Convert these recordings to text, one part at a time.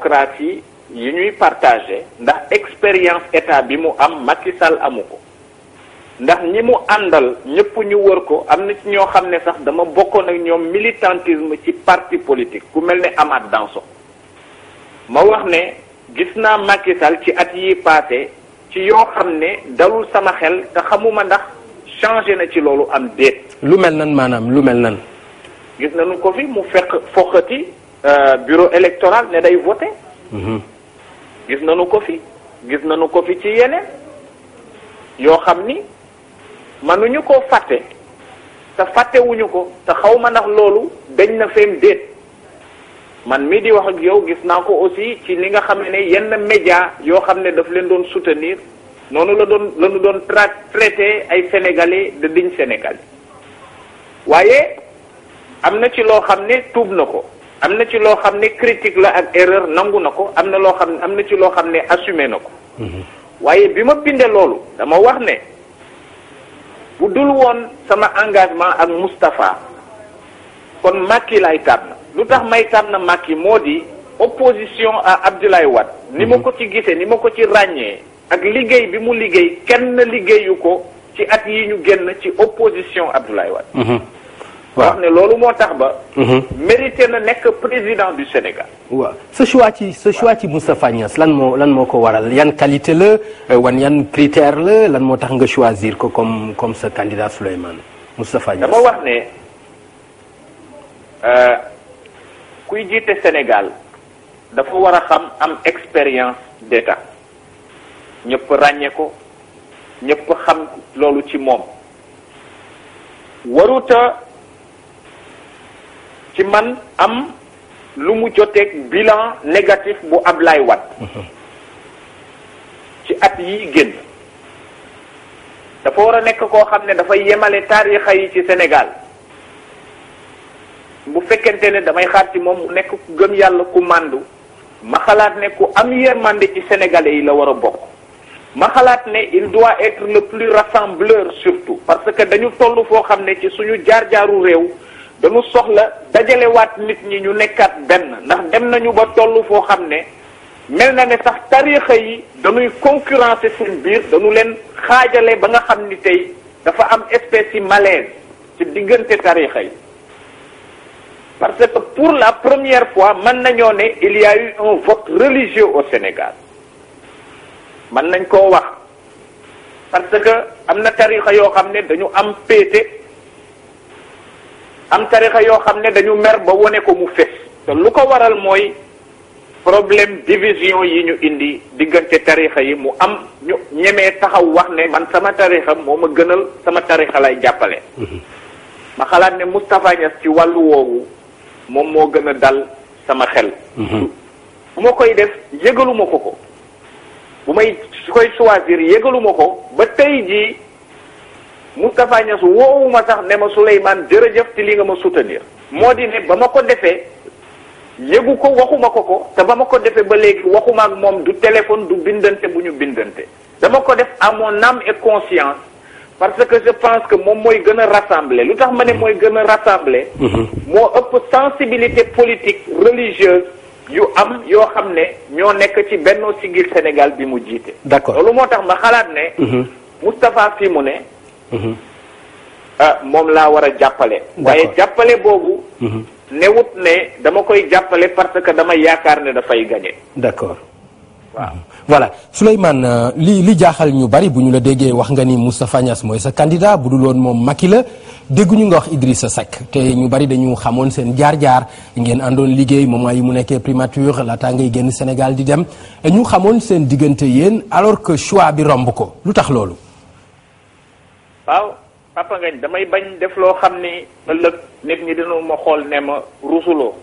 démocrate yi yi ñuy partagé ndax expérience état bi mu am Macky Sall amu ko ndax ñi mu àndal ñëpp ñu wër ko am na ci ñoo xam ne sax dama bokkoon ak ñoom militantisme ci parti politique ku mel ne at Dansokho ma wax ne gis naa Macky ci at yi passé ci yoo xam ne dalul sama xel te xamuma ndax changé na ci loolu am déet. lu mel nan maanaam lu mel nan. gis nañu ko fi mu fekk foqati. Euh, bureau électoral ne day voté mhm. gis nañu ko fi gis nañu ko fi ci yeneen yoo xam ni mënuñu ko fàtte te fàttewuñu ko te xaw ma ndax loolu dañ na feem déet man mii di wax ak yow gis naa ko aussi ci li nga xam ne yenn média yoo xam ne daf leen doon soutenir noonu la doon la doon tra traité ay sénégalais de digne waaye am na ci loo xam ne tuub na ko am na ci loo xam ne critique la ak erreur nangu na ko am na loo xam ne am na ci loo xam ne assumé na ko mhm. waaye bi ma bindee loolu dama wax ne bu dul woon sama engagement ak Moustapha kon Macky lay tànn lu tax may tànn Macky moo di opposition à Abdoulaye Wade ni ma mhm. ko ci gisee ni ma ko ci ràññee ak liggéey bi mu liggéey kenn liggéeyu ko ci at yi ñu génn ci opposition Abdoulaye Wade mhm. wax ne loolu moo tax ba. Mhm. mérité na nekk président du Sénégal. waaw sa choix ci sa choix ci Moustapha Niass lan moo lan moo ko waral yan qualité la euh, wan yan critère la lan moo tax nga choisir ko comme comme sa candidat Souleymane Moustapha Niass. dama wax ne euh, kuy jiite Sénégal dafa war a xam am expérience d'état ñëpp ràññee ko ñëpp xam loolu ci moom waruta ci man am lu mu joteeg bilan négatif bu Ablaye wat ci at yi génn dafa war a nekk koo xam ne dafay yemale taarixa yi ci Sénégal bu fekkente ne damay xaar ci moom mu nekk ku gëm yàlla ku màndu ma xalaat ne ku am yërmande ci sénégalais yi la war a bokk ma xalaat ne il doit être le plus rassembleur surtout parce que dañu toll foo xam ne ci suñu jaar-jaaru réew dañu soxla dajalewaat nit ñi ñu nekkaat benn ndax dem nañu ba toll foo xam ne mel na ne sax tariixa yi dañuy concurrencer seen biir dañu leen xaajale ba nga xam ni tey dafa am espèce yi malaise ci diggante tariixa yi parce que pour la première fois mën nañoo ne il y a eu un vote religieux au Sénégal mën nañ koo wax parce que am na tariixa yoo xam ne dañu am péete am tarixa yoo xam ne dañu mer ba wone ko mu fés te lu ko waral mooy problème division yi ñu indi diggante tarixa yi mu am ñu ñemee taxaw wax ne man sama tarixa moo ma gënal sama tarixa lay jàppale mhm. ma xalaat ne Moustapha Niass ci wàllu woowu moom moo gën a dal sama xel mhm. bu ma koy def yëgaluma ko ko bu may su koy choisir yëgaluma ko ba tey jii Moustapha Niass woowuma tax ne ma Souleymane jërëjëf ci li nga ma soutenir moo di ne ba ma ko defee yëgu ko waxuma ko ko te ba ma ko defee ba léegi waxuma ak moom du téléphone du bindante bu ñu bindante dama ko def à mon âme et conscience parce que je pense que moom mooy gën a rassembler lu tax ma ne mooy gën a rassembler mhm. moo ëpp sensibilité politique religieuse yu am yoo xam ne ñoo nekk ci Benno Siggil Sénégal bi mu jiite d'accord loolu moo tax ma xalaat ne mhm. Moustapha mu ne Mhm. Ah, moom laa war a jàppale. waaye jàppale boobu. Mhm. newut ne dama koy jàppale parce que dama yaakaar ne dafay gagné. d'accord waaw. Mhm. voilà Souleymane euh, li li jaaxal ñu bari bu ñu la déggee wax nga ni Moustapha Niass mooy sa candidat bu dul woon moom Macky la dégguñu nga wax sa Seck te ñu bari dañu xamoon seen jaar-jaar ngeen àndoon liggéey moment yi mu nekkee primature laataa ngay génn Sénégal di dem ñu xamoon seen diggante yéen alors que choix bi romb ko lu tax loolu. waaw papa ngañ damay bañ def loo xam ni ëllëg nit ñi dina ma xool nee ma rusuloo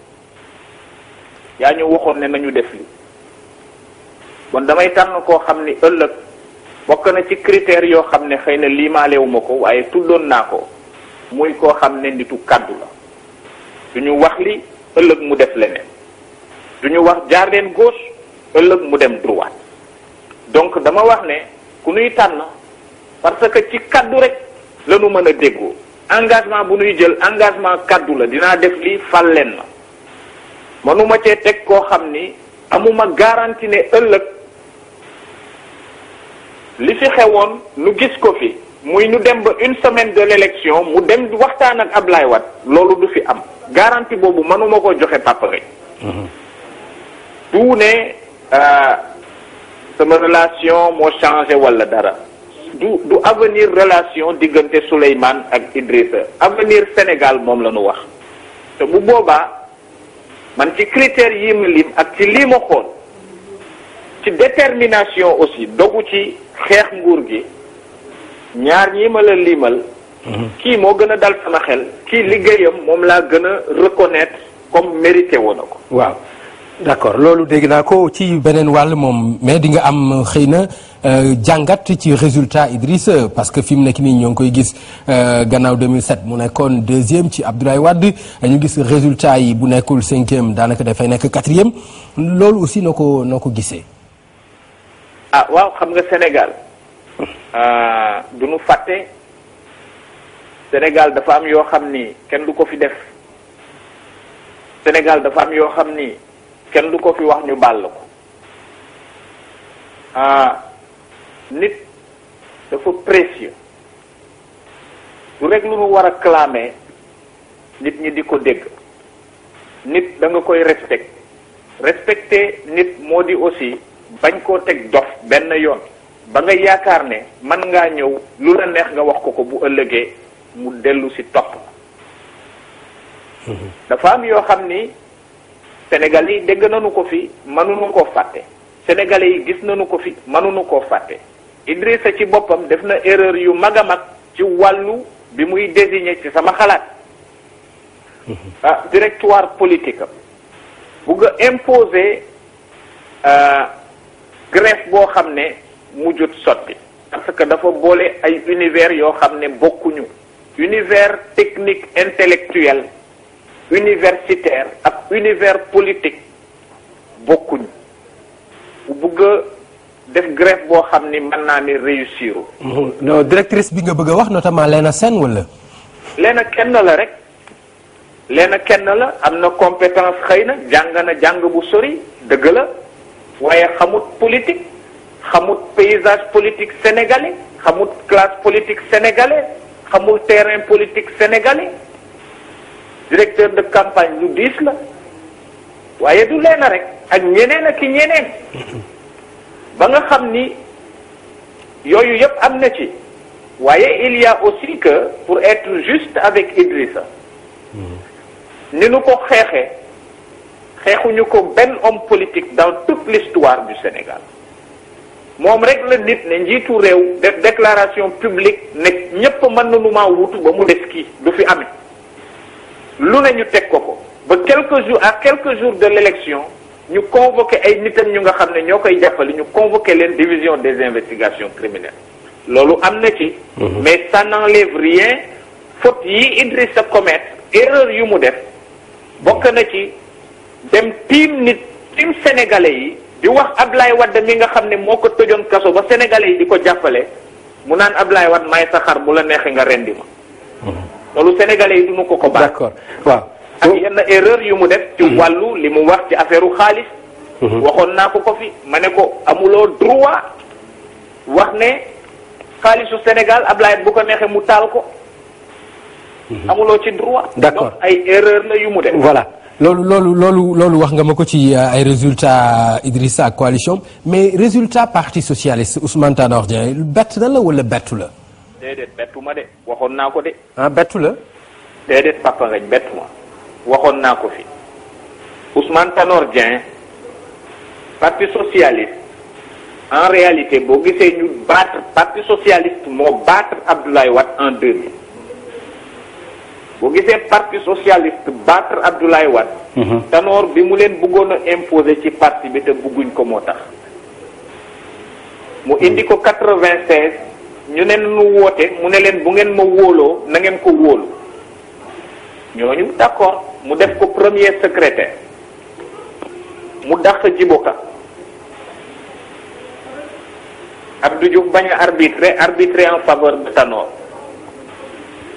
yaa ñu waxoon ne nañu def li kon damay tànn koo xam ni ëllëg bokk na ci critères yoo xam ne xëy na liimaalewuma ko waaye tuddoon naa ko muy koo xam ne nitu kàddu la ñu wax li ëllëg mu def leneen ñu wax jaar leen gauche ëllëg mu dem droite donc dama wax ne ku nuy tànn parce que ci kaddu rek lanu mën a déggoo engagement bu nuy jël engagement kaddu la dinaa def lii fal leen ma manuma cee teg koo xam ni amuma garantie ne ëllëg li fi xewoon nu gis ko fi muy nu dem ba une semaine de l'élection mu dem waxtaan ak ab Ablaye wat loolu du fi am garanti boobu mënuma ko joxe papa rek du ne euh, sama relation moo changé walla dara du du avenir relation diggante Souleymane ak Idrissa avenir Sénégal moom la wax te bu boobaa man ci critères yi ma lim ak ci lii xool ci détermination aussi dogu ci xeex nguur gi ñaar ñi ma la liimal mhm. kii moo gën a dal sama xel. kii liggéeyam moom laa gën a reconnaître comme mérité woon ko. waaw. d' accord loolu dégg naa ko ci beneen wàll moom mais di nga am xëy na euh, jàngat ci résultat Idriss parce que fi mu nekk nii ñoo ngi koy gis euh, gannaaw 2007 mu nekkoon deuxième ci Abdoulaye Wade ñu gis résultat yi bu nekkul cinquième daanaka dafay nekk quatrième loolu aussi noo ko noo ko gisee. ah waaw xam nga Sénégal euh, du nu fàtte Sénégal dafa am yoo xam ni kenn du ko fi def Sénégal dafa am yoo xam ni. kenn du ko fi wax ñu bàll ko ah, nit dafa précieux du rek lu mu war a clamer nit ñi di ko dégg nit da nga koy respect respecter nit moo di aussi bañ koo teg dof benn yoon ba nga yaakaar ne man ngaa ñëw lu la neex nga wax ko ko bu ëllëgee mu dellu si topp mhm. dafa am yoo xam ni Sénégal yi dégg nañu ko fi mënuñu koo fàtte sénégalais yi gis nañu ko fi mënuñu koo fàtte Idrissa ci boppam def na erreur yu mag a mag ci wàllu bi muy désigné ci sama xalaat mm-hmm. ah directoire politique am bugg a imposer euh, boo xam ne mujjut sotti parce que dafa boole ay univers yoo xam ne bokkuñu univers technique intellectuel universitaire ak univers politique bokkuñ bu bëgg def grève boo xam ni mën naa ni réussir. Mhm. non directrice bi nga bëgg a wax notamment Léna Sène wala. Léna kenn la rek Léna kenn la am na compétence xëy na jàng na jàng bu sori dëgg la waaye xamut politique xamut paysage politique sénégalais xamut classe politique sénégalais xamul terrain politique sénégalais. directeur de campagne lu diis la waaye du leen rek ak ñeneen ak i ñeneen ba nga xam ni yooyu yëpp am na ci waaye ilia aussi que pour être juste avec Idrissa ni nu ko xeexee xeexuñu ko benn homme politique dans toute l'histoire du Sénégal moom rek la nit ne njiitu réew def déclaration publique ne ñépp mën nañu maa wutu ba mu des kii du fi amee lu ne ñu teg ko ko ba quelque jour à quelques jour de l'élection ñu convoqué ay nitam ñu nga xam ne ñoo koy jàppale ñu convoqué leen division des investigations criminelles loolu am na ci mhm. mais ça n'enlève rien faute yi Idrissa commet erreur yu mu def bokk na ci dem tiim nit tiim sénégalais yi di wax Ablaye Wade mi nga xam ne moo ko tëjoon kaso ba sénégalais yi di ko jàppale mu naan Ablaye Wade may xar bu la neexee nga rendi ma mhm. loolu sénégalais yi duñu ko ko baax. d'accord waaw. ak yenn erreur yu mu def. ci mm-hmm. wàllu li mu wax ci affaire xaalis. Mm-hmm. waxoon naa ko ko fi ma ne ko amuloo droit wax ne xaalisu Sénégal Ablaye bu ko neexee mu taal ko. Mm-hmm. amuloo ci droit. d'accord donc ay erreur la yu mu def. voilà loolu loolu loolu loolu wax nga ma ko ci euh, ay résultats euh, Idrissa ak coalition mais résultat parti socialiste Ousmane Tanor Dieng bett na la wala bettu la. déedéet bettu ma de waxoon naa ko de. ah bettu la. déedéet papa ngañ bettu ma waxoon naa ko fi Ousmane Tanor Dieng parti socialiste en réalité boo gisee ñu battre parti socialiste moo battre Abdoulaye Wade en 2000 boo gisee parti socialiste battre Abdoulaye Wade. Mhm. Tanor bi mu leen buggoon a imposer ci parti bi te bëgguñ ko moo tax. mu indi ko 96. ñu ne nu woote mu ne leen bu ngeen ma wóoloo na ngeen ko wóolu ñooñu d'accord mu def ko premier secrétaire mu dàq jiboka Abdou du bañ a arbitrer arbitrer en faveur de Tanor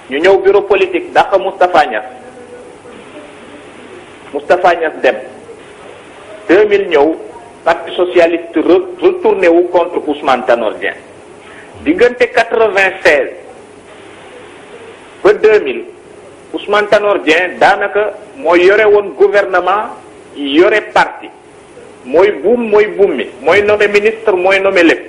ñu ñëw bureau politique dàq Moustapha Niass Moustapha Niass dem 2000 ñëw parti socialiste retourné wu contre Ousmane Tanor Dieng diggante quatre-vingt-seize ba deux mille Ousmane Tanor daanaka moo yore woon gouvernement yore parti mooy buum mooy buum mi mooy nommé ministre mooy nommé lépp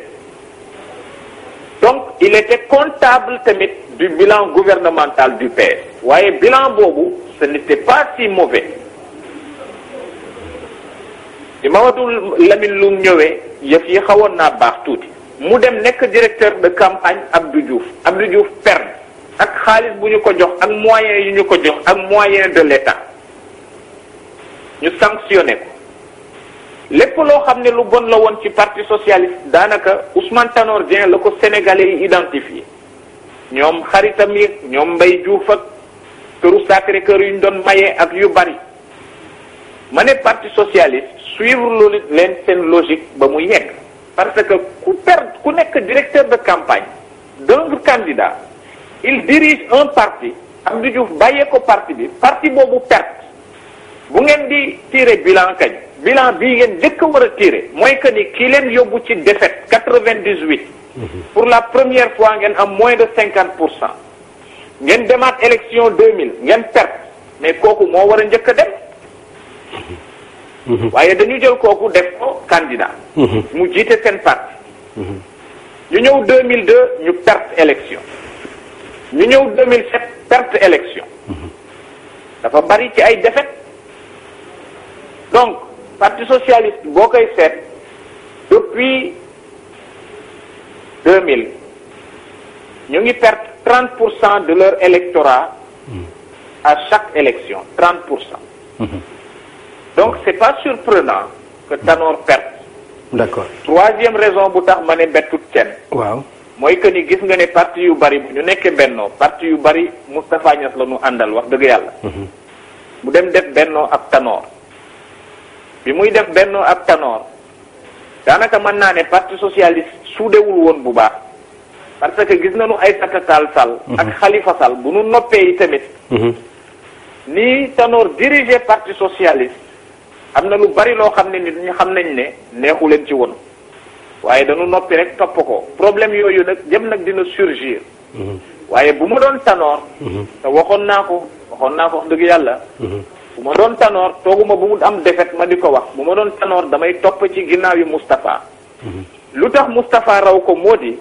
donc il était comptable tamit du bilan gouvernemental du PS waaye bilan boobu ce n'était pas si mauvais bi Mamadou Lamine Loum ñëwee yëf yi xawoon naa baax tuuti mu dem nekk directeur de campagne Abdou Diouf Abdou Diouf perd ak xaalis bu ñu ko jox ak moyens yu ñu ko jox ak moyens de l'État ñu sanctionné ko lépp loo xam ne lu bon la woon ci parti socialiste daanaka Ousmane Tanor Dieng la ko sénégalais yi identifié ñoom xaritam yi ñoom mbay Diouf ak këru Sacré-Cœur yu ñu doon maye ak yu bari ma ne parti socialiste suivre lu leen seen logique ba mu yegg. parce que ku per ku nekk directeur de campagne d'un candidat il dirige un parti am Abdou Diouf bàyyee ko parti bi parti boobu perte bu ngeen di tiire bilan kañ bilan bii ngeen dëkk war a tirer mooy que ni kii leen yóbbu ci défaite quatre-vingt-dix-huit mhm. pour la première fois ngeen am moins de cinquante pour cent ngeen demaat élection deux mille ngeen perte mais kooku moo war a njëkk a dem mhm. Mhm. waaye dañu jël kooku def ko candidat. Mhm. mu jiite seen parti. Mhm. ñu ñëw 2002 ñu perte élection. ñu ñëw 2007 perte élection. dafa bari ci ay défaite donc parti socialiste boo koy seet depuis 2000 ñu ngi perte 30 pour cent de leur électorat à chaque élection 30 pour cent. donc c'est pas surprenant que Tanor perte. d'accord troisième raison bu tax ma ne mbettut kenn. waaw mooy que ni gis nga ne parti yu bari bu ñu nekkee bennoo parti yu bari Moustapha Niass la ñu àndal wax dëgg yàlla. mu mhm. dem def bennoo ak Tanor. bi muy def bennoo ak Tanor daanaka mën naa ne parti socialiste suudewul woon bu baax parce que gis nañu ay tatatal sal ak Khalifa Sall bu nu noppee yi tamit. Mhm. ni Tanor diriger parti socialiste. am na lu bari loo xam ne nit ñi xam nañ ne neexu leen ci woon waaye dañu noppi rek topp ko problème yooyu nag jëm nag dina surgir. Mhm. waaye bu ma doon tanoor. Mhm. te waxoon naa ko waxoon naa ko wax dëgg yàlla. Mhm. bu ma doon tanoor tooguma bu mu am defet ma di ko wax bu ma doon tanoor damay topp ci ginnaaw yi Moustapha. lu tax Moustapha raw ko moo di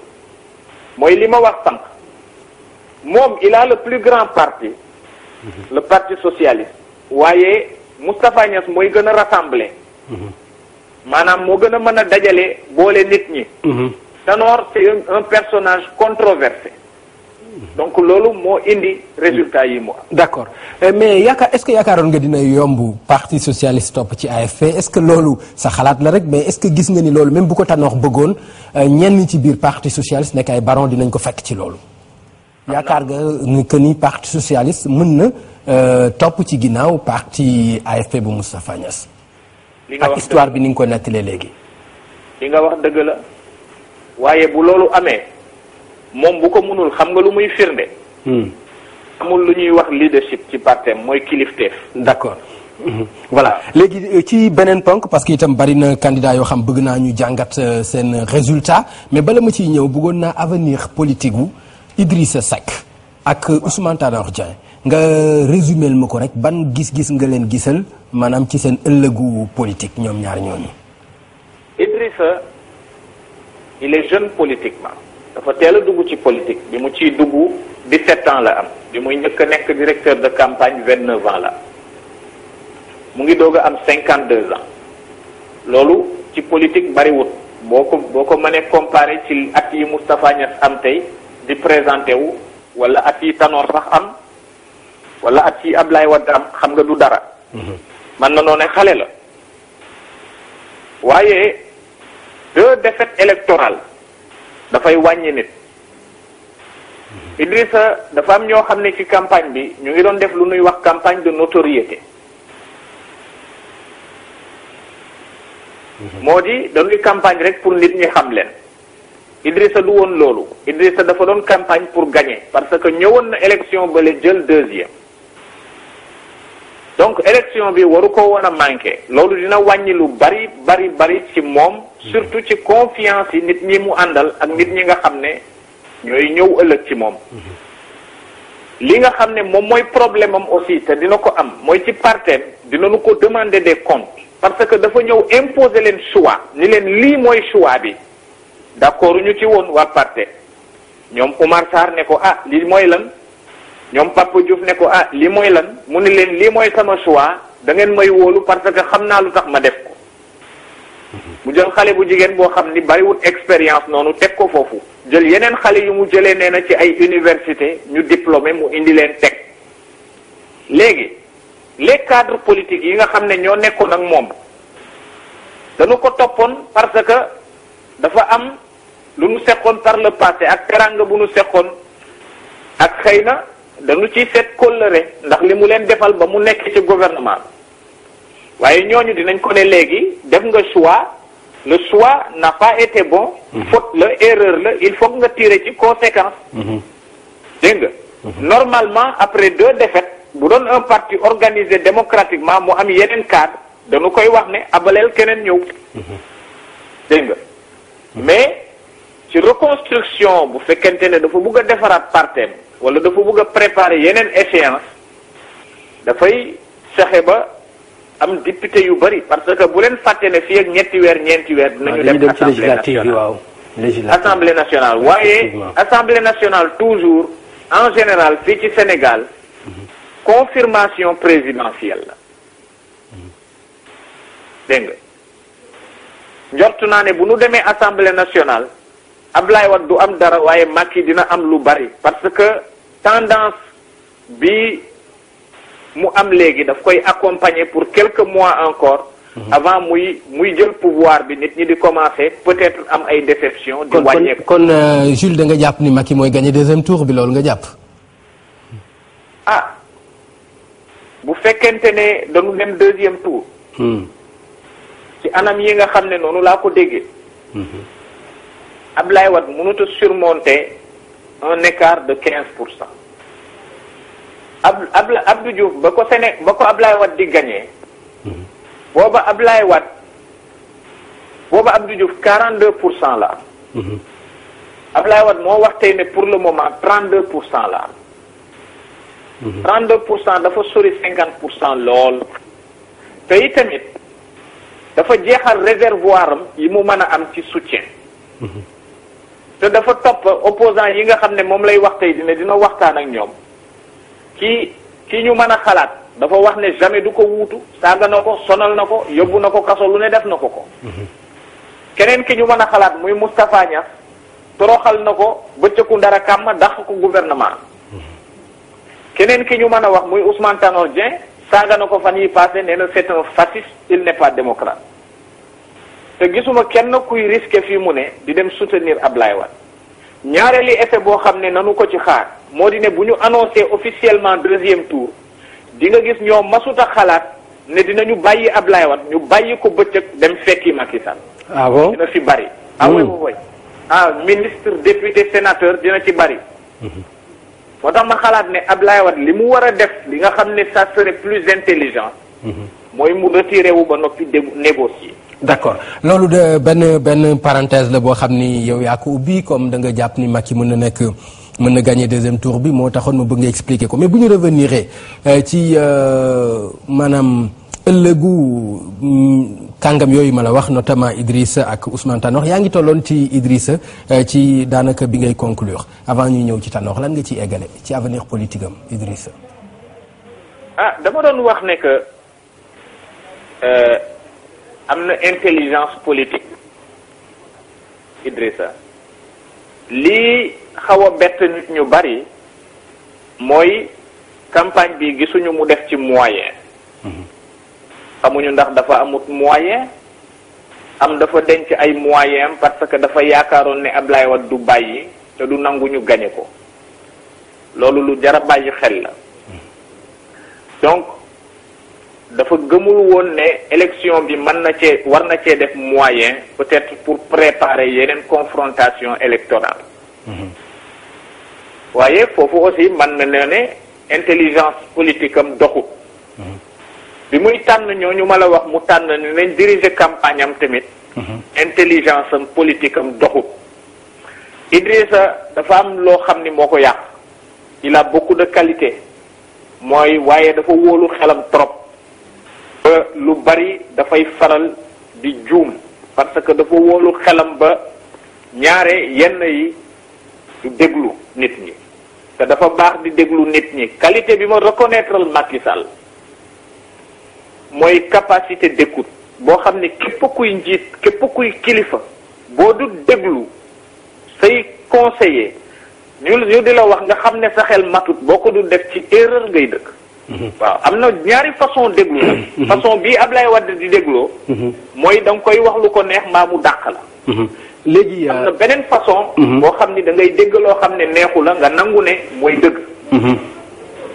mooy li ma wax sànq moom il a le plus grand parti. le parti socialiste waaye. Moustapha Niass mooy gën a rassembler. Mhm. maanaam moo gën a mën a dajale boole nit ñi. Mhm. Tanor c'est un personnage controversé. Mhm. donc loolu moo indi résultat yi mu am. d' eh, mais yaakaar est ce que yaakaaroon nga dina yomb parti socialiste topp ci ay AFP est ce que loolu sa xalaat la rek mais est ce que gis nga ni loolu même bu ko Tanor bëggoon euh, ñenn ci biir parti socialiste nekk ay baron dinañ ko fekk ci loolu. yaakaar nga que ni parti socialiste mën na. Euh, topp ci ginnaaw parti AFP bu Moustapha Niass. ak histoire bi ni nga ko nettalee léegi. li nga wax dëgg la waaye bu loolu amee moom bu ko mënul xam nga lu muy firnde. Hmm. amul lu ñuy wax leadership ci partem mooy kilifteef. d'accord. Hmm. léegi euh, ci beneen ponk parce que itam bari na candidat yoo xam bëgg naa ñu jàngat euh, seen résultat mais bala ma ciy ñëw bëggoon naa avenir politique gu Idrissa Seck ak Ousmane Tanor nga résumél ma ko rek ban gis-gis nga leen gisal maanaam ci seen ëllëgu politique ñoom ñaar ñooñu Idrissa il est jeune politiquement dafa teel a dugg ci politique bi mu ciy dugg 17 ans la am bi muy njëkk nekk directeur de campagne 29 ans la mu ngi doog a am 52 ans loolu ci politique bariwut boo ko boo ko mënee comparer ci at yi Moustapha Niass am tey di présenté wu wala at yi Tanor sax am wala at yi Ablaye Wade am xam nga du dara. man mhm. na noo ne xale la. waaye deux défaites électorales dafay wàññi nit. Mhm. Idrissa dafa am ñoo xam ne ci campagne bi ñu ngi doon def lu nuy wax campagne de notoriété. Mhm. moo di dañuy campagne rek pour nit ñi xam leen. Idrissa du woon loolu. Idrissa dafa doon campagne pour gagner parce que ñëwoon na élection bële jël deuxième. donc élection bi waru ko woon a manqué loolu dina wàññi lu bari bari bari ci moom surtout ci confiance yi nit ñi mu àndal ak nit ñi nga xam ne ñooy ñëw ëllëg ci moom li nga xam ne moom mooy problème am aussi te dina ko am mooy ci parteem dina nu ko demander de comptes parce que dafa ñëw imposer leen choix ni leen lii mooy choix bi d'accord ñu ci woon waa parte ñoom Oumar ne ko ah lii mooy lan ñoom Papa Diouf ne ko ah lii mooy lan mu ni leen lii mooy sama choix dangeen may wóolu parce que xam naa lu tax ma def ko mhm. mu jël xale bu jigéen boo xam ni bariwul expérience noonu teg ko foofu jël yeneen xale yu mu jëlee nee na ci ay université ñu diplômé mu indi leen teg léegi les cadres politiques yi nga xam ne ñoo nekkoon ak moom dañu ko toppoon parce que dafa am lu nu seqoon par le passé ak teranga bu nu seqoon ak xëy na dañu ci seet kóllëre ndax li mu leen defal ba mu nekk ci gouvernement waaye ñooñu dinañ ko ne léegi def nga choix le choix n'a pas été bon mhm. faute la erreur la il faut nga tirer ci conséquence mhm. dégg nga mhm. normalement après deux défaites bu doon un parti organisé démocratiquement mu am yeneen cadre dañu koy wax ne abaleel keneen ñëw dégg nga mais ci reconstruction bu fekkente ne dafa bëgg a defaraat parteem wala dafa bëgg a préparer yeneen échéance dafay fexe ba am député yu bari parce que bu leen fàtte ne fii ak ñetti weer ñeenti weer. dinañu dem ci législative bi waaw assemblée nationale waaye assemblée nationale toujours en général fii ci Sénégal confirmation présidentielle la mm-hmm. dégg njort naa ne bu nu demee assemblée nationale. ab Abdoulaye Wade du am dara waaye Macky dina am lu bari parce que tendance bi mu am léegi daf koy accompagner pour quelque mois encore mhm. avant muy muy jël pouvoir bi nit ñi di commencer peut-être am ay déception di wàññeeku kon euh, Jules da nga jàpp ni Macky mooy gagner deuxième tour bi loolu nga jàpp ah bu fekkente ne dañu dem deuxième tour hmm. ci anam yi nga xam ne noonu laa ko déggee hmm. Ablaye Wade mënut a surmonter un écart de quinze pour cent ab ab Abdou Diouf ba ko Séné ba ko Ablaye Wade di gagné. Mhm. booba Ablaye wat booba Abdou Diouf quarante deux pour cent la am. Mhm. Ablaye Wade moo wax tey ne pour le moment trente deux pour cent la am. Mhm. trente deux pour cent dafa sori cinquante pour cent lool te tamit dafa jeexal réservoir am yi mu mën a am ci soutien. te dafa topp opposant yi nga xam ne moom lay wax tey dina dina waxtaan ak ñoom kii kii ñu mën a xalaat dafa wax ne jamais du ko wuutu saaga na ko sonal na ko yóbbu na ko kaso lu ne def na ko ko mhm. keneen ki ñu mën a xalaat muy Moustapha Niass toroxal na ko bëccëgu dara kàmm dax ko gouvernement mhm. keneen kii ñu mën a wax muy Ousmane Tanor Dieng saaga na ko fan yi passé nee na c'est un fasciste il n'est pas démocrate te gisuma kenn kuy risqué fii mu ne di dem soutenir Ablaye Wade ñaareeli effet boo xam ne nanu ko ci xaar moo di ne bu ñu annoncé officiellement deuxième tour di nga gis ñoo masuta xalaat ne dina ñu bàyyi Ablaye Wade ñu bàyyi ko bëccëg dem fekki Macky Sall. ah bon dina fi bari. ah oui hmm. oui ah ministre député sénateur dina ci bari. Mhm. moo tax ma xalaat ne Ablaye Wade li mu war a def li nga xam ne ça serait plus intelligent. Mhm. mooy mu retiré wu ba noppi négocier. d' accord loolu de benn benn parenthèse la boo xam ni yow yaa ko ubbi comme da nga jàpp ni Macky mën na nekk mën na gagné deuxième tour bi moo taxoon ma bëgg nga expliquer ko mais bu ñu revenir euh, ci euh, maanaam ëllëgu mm, kàngam yooyu ma la wax notamment Idrissa ak Ousmane Tanor yaa ngi tolloon ci Idrissa euh, ci daanaka bi ngay conclure avant ñuy ñëw ci Tanor lan nga ciy eggale ci avenir politique am Idrissa. ah dama doon wax ne Euh, am na intelligence politique Idrissa lii xaw a bett nit ñu bari mooy campagne bi gisuñu mu def ci moyen mhm. xamuñu ndax dafa amut moyen am dafa denc ay moyen parce que dafa yaakaaroon ne Ablaye Wade du bàyyi te du nanguñu gañe ko loolu lu jara bàyyi xel la mhm. donc dafa gëmul woon ne élection bi mën na cee war na cee def moyen peut-être pour préparer yeneen confrontation électorale mm-hmm. waaye foofu aussi mën na ne ne intelligence politique am doxu mm-hmm. bi muy tànn ñu ma la wax mu tànn ne nañ diriger campagne am tamit mm-hmm. intelligence am politique am doxu doxut Idrissa dafa am loo xam ni moo ko yàq il a beaucoup de qualité mooy waaye dafa wóolu xelam trop lu bari dafay faral di juum parce que dafa woolu xelam ba ñaare yenn yi du déglu nit ñi te dafa baax di déglu nit ñi qualité bi ma reconnaître Macky Sall mooy capacité d'écoute boo xam ne képp kuy njiit képp kuy kilifa boo du déglu say conseiller ñu ñu di la wax nga xam ne sa xel matut boo ko du def ci erreur ngay dëkk waaw am na ñaari façon déglu nag mhm. façon bii Ablaye Wade di dégloo mhm. mooy da nga koy wax lu ko neex mbaa mu dàq la mhm. léegi am euh, na beneen façon boo xam ni da dégg loo xam ne neexu la nga nangu ne mooy dëgg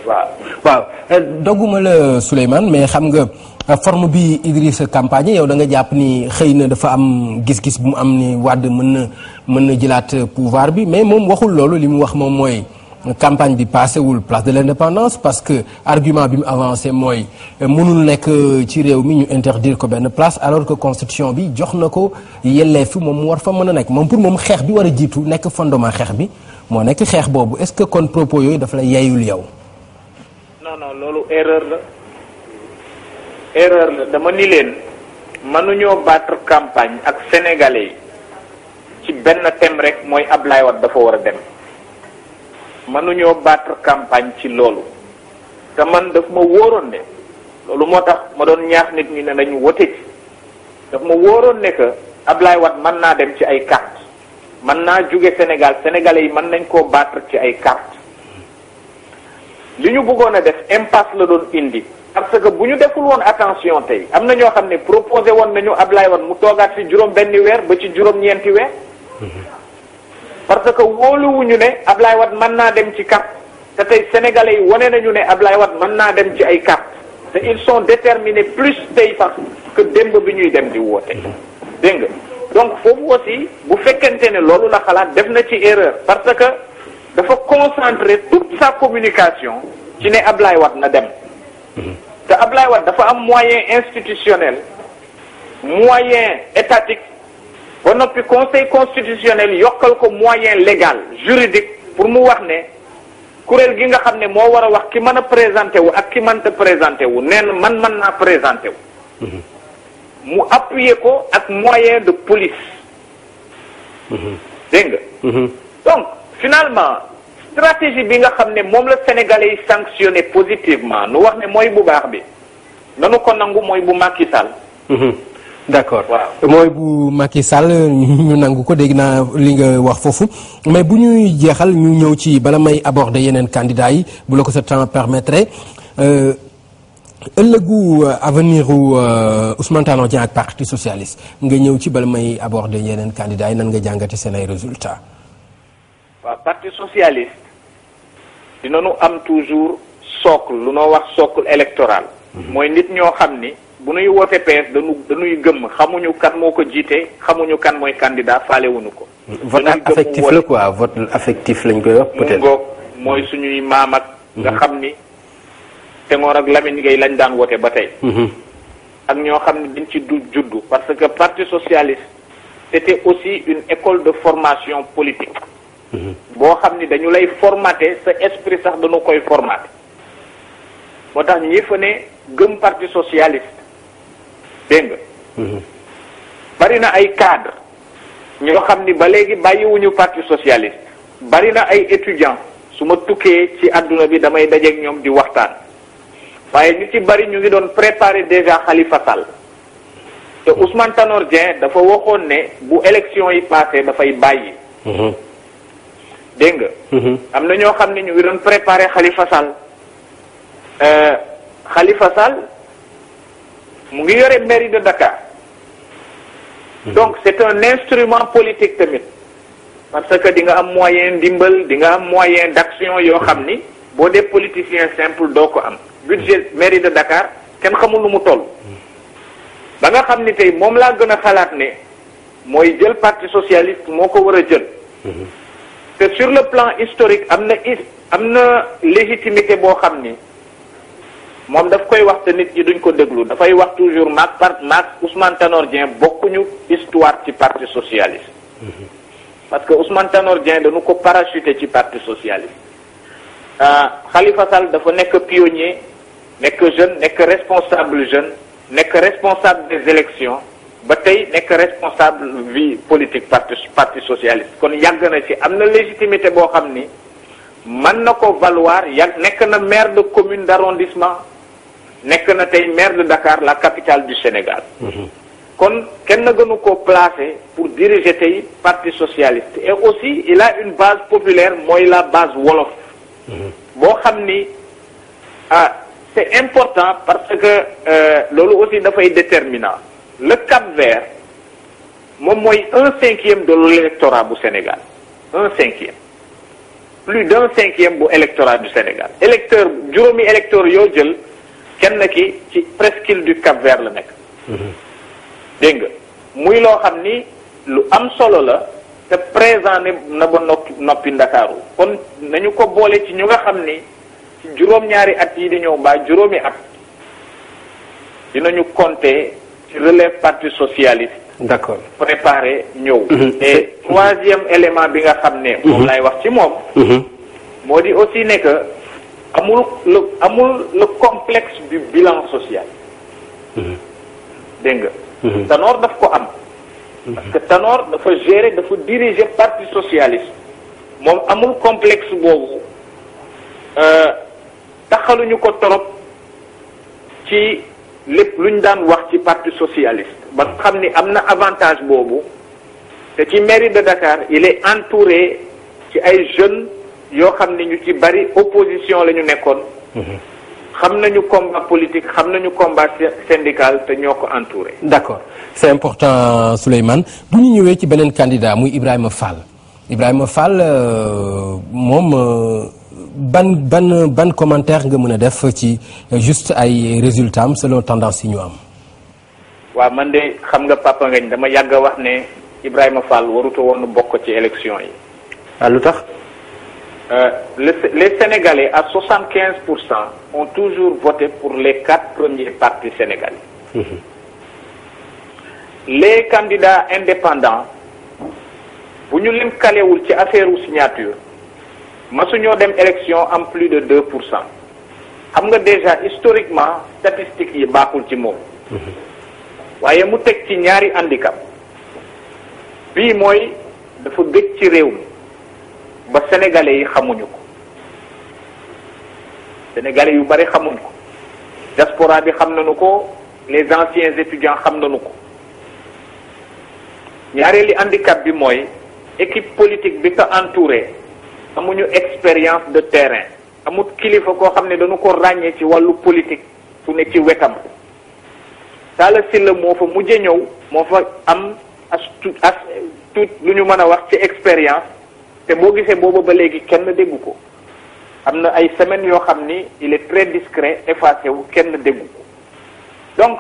waaw waaw euh, dogguma la Souleymane mais xam nga euh, forme bi Idrissa campagne yow da nga jàpp ni xëy na dafa am gis-gis bu mu am ni Wade mën na mën na jëlaat pouvoir bi mais moom waxul loolu li mu wax moom mooy campagne bi paasewul place de l'indépendance parce que argument bi mu avancé mooy euh, mënul nekk euh, ci réew mi ñu interdire ko benn place alors que constitution bi jox na ko yelleefu moom mu war fa mën a nekk moom pour moom xeex bi war a jiitu nekk fondement xeex bi moo nekk xeex boobu est-ce que kon propos yooyu dafa la yeyul yow. non non loolu erreur la erreur la dama ni leen mënuñoo battre campagne ak sénégalais yi ci benn thème rek mooy Ablaye Wade dafa war a dem. mënuñoo battre campagne ci loolu te man daf ma wóoroon ne loolu moo tax ma doon ñaax nit ñi ne nañu wote ci daf ma wóoroon ne que Ablaye wat mën naa dem ci ay carte mën naa jóge Sénégal sénégalais yi mën nañ koo battre ci ay carte li ñu bëggoon a def impasse la doon indi parce que bu ñu deful woon attention tey am na ñoo xam ne proposé woon nañu Ablaye Wade mu toogaat fi juróom benni weer ba ci juróom ñeenti weer mhm. parce que wóoluwuñu ne ab Ablaye Wade man naa dem ci carte te tey sénégalais yi wane nañu ne Ablaye Wade mën naa dem ci ay carte te ils sont déterminés plus tey sax que démb bi ñuy dem di woote dégg donc foofu aussi bu fekkente ne loolu la xalaat def na ci erreur parce que dafa concentrer toute sa communication ci ne Ablaye Wade na dem te ab Ablaye Wade dafa am moyen institutionnel moyen étatique ba noppi conseil constitutionnel yokkal ko moyen légal juridique pour mu wax ne kuréel gi nga xam ne moo war a wax ki mën a présenté wu ak ki mënta présenté wu neen man man naa présenté wu mhm. mu appuyer ko ak moyen de police mhm. dégg nga mhm. donc finalement stratégie bi nga xam ne moom la sénégalais yi sanctionné positivement nu wax ne mooy bu baax bi nanu ko nangu mooy bu Macky Sall d'accord waaw mooy bu Macky Sall ñu nangu ko dégg naa li nga wax foofu mais bu ñuy jeexal ñu ñëw ci bala may aborder yeneen candidats yi bu la ko sa temps permettre euh, ëllëgu euh, avenir u euh, Ousmane Tanor Dieng ak parti socialiste nga ñëw ci bala may aborder yeneen candidats yi nan nga jàngati seen ay résultats. waaw parti socialiste dinañu am toujours socle lu noo wax socle électoral. Mhm. mooy nit ñoo xam ni. bu nuy woote PS dañu dañuy gëmm xamuñu kan moo ko jiitee xamuñu kan mooy candidat faalewuñu ko. vote affectif la quoi vote affectif lañ koy wax. peut-être mu mooy suñuy maam nga mhm. xam ni te ak Lamine Gueye lañ daan woote ba tey. Mhm. ak ñoo xam ne dañ ci du juddu parce que parti socialiste c'était aussi une école de formation politique. Mhm. boo xam ni dañu lay formater sa esprit sax dañu koy formater. moo tax ñi fa ne gëm parti socialiste. dégg nga. na ay cadre ñoo xam ni ba léegi bàyyiwuñu parti socialiste bari na ay étudiants su ma tukkee ci àdduna bi damay dajeek ñoom di waxtaan waaye ñu ci bari ñu ngi doon préparer déjà Khalifa Sall te Ousmane Tanor Dieng dafa waxoon ne bu élection yi passé dafay bàyyi. Mhm. dégg nga. Mhm. am na ñoo xam ne ñu ngi doon préparer Khalifa Sall euh, Khalifa Sall. mu ngi yore mairie de Dakar mhm. donc c'est un instrument politique tamit parce que di nga am moyen ndimbal di nga am moyen d'action yoo xam ni boo dee politicien simple doo ko am budget mairie de Dakar kenn xamul lu mu toll mhm. ba nga xam ni tey moom laa gën a xalaat ne mooy jël parti socialiste moo ko war a jël mhm. te sur le plan historique am na is am na légitimité boo xam ni moom daf koy wax te nit ñi duñ ko déglu dafay wax toujours maag part maag Ousmane Tanor Dieng bokkuñu histoire ci parti socialiste. Mhm. parce que Ousmane Tanor Dieng dañu ko parachuté ci parti socialiste. Euh, Khalifa Sall dafa nekk pionnier nekk jeune nekk responsable jeune nekk responsable des élections ba tey nekk responsable vie politique parti parti socialiste kon yàgg na ci am na légitimité boo xam ni mën na ko valoir yàgg nekk na maire de commune d'arrondissement. nekk na tey maire de Dakar la capitale du Sénégal. Mhm. kon kenn gënu ko placé pour diriger tey parti socialiste et aussi il a une base populaire mooy la base wolof. Mhm. boo xam ni ah c'est important parce que euh, loolu aussi dafay déterminant. le Cap-Vert moom mooy un cinquième de l'électorat bu Sénégal un cinquième plus d'un cinquième bu électorat du Sénégal électeur juróomi électeur yoo jël. kenn ki ci presqu'île du Cap-Vert la nekk. Mhm. dégg nga muy loo xam ni lu am solo la te présent na ba noppi noppi Ndakaaru kon nañu ko boole ci ñu nga xam ni ci juróom-ñaari at yi di ñëw mbaa juróomi at dinañu compter ci relève parti socialiste. d'accord préparé ñëw. Mhm. et mhm. troisième élément bi nga xam ne. moom laay wax ci moom. moo di aussi nekk. amul le amul le complexe du bilan social. Mhm. dégg nga. Mhm. Tanor daf ko am. Mhm. parce que Tanor dafa gérer dafa diriger parti socialiste moom amul complexe boobu euh, taxaluñu ko torop ci lépp luñ daan wax ci parti socialiste ba xam ni am na avantage boobu te ci mairie de Dakar il est entouré ci ay jeunes. yoo xam ni ñu ci bari opposition la ñu nekkoon. Mhm. xam nañu combat politique xam nañu combat syndical te ñoo ko entouré. d'accord c'est important Souleymane bu ñu ñëwee ci beneen candidat muy Ibrahima Fall Ibrahima Fall euh, moom euh, ban ban ban commentaire nga mën a def ci euh, juste ay résultats am selon tendance yi ñu am. waaw man de xam nga papa ngañ dama yàgg a wax ne Ibrahima Fall waruta woon bokk ci élection yi. Ah, lu tax. Euh, le, les quinze pour cent ont toujours voté pour les quatre premiers partis sénégalais. Mmh. Les candidats indépendants, bu ñu leen kalewul ci affaire u signature masuñoo dem élection am plus de deux pour cent xam nga déjà historiquement statistique yi baaxul ci moom. Mhm. waaye mu teg ci ñaari handicap bii mooy dafa gëj ci réew mi. ba sénégalais yi xamuñu ko sénégalais yu bari xamuñ ko diaspora bi xam nañu ko les anciens étudiants xam nañu ko ñaareeli handicap bi mooy équipe politique bi ko entouré amuñu expérience de terrain amut kilifa koo xam ne dañu ko ràññee ci wàllu politique su ne ci wetam Talla Sylla moo fa mujje ñëw moo fa am as tuut as lu ñu mën a wax ci expérience te boo gisee booba ba léegi kenn déggu ko am na ay semaines yoo xam ni il est très discret effacé wu kenn déggu ko donc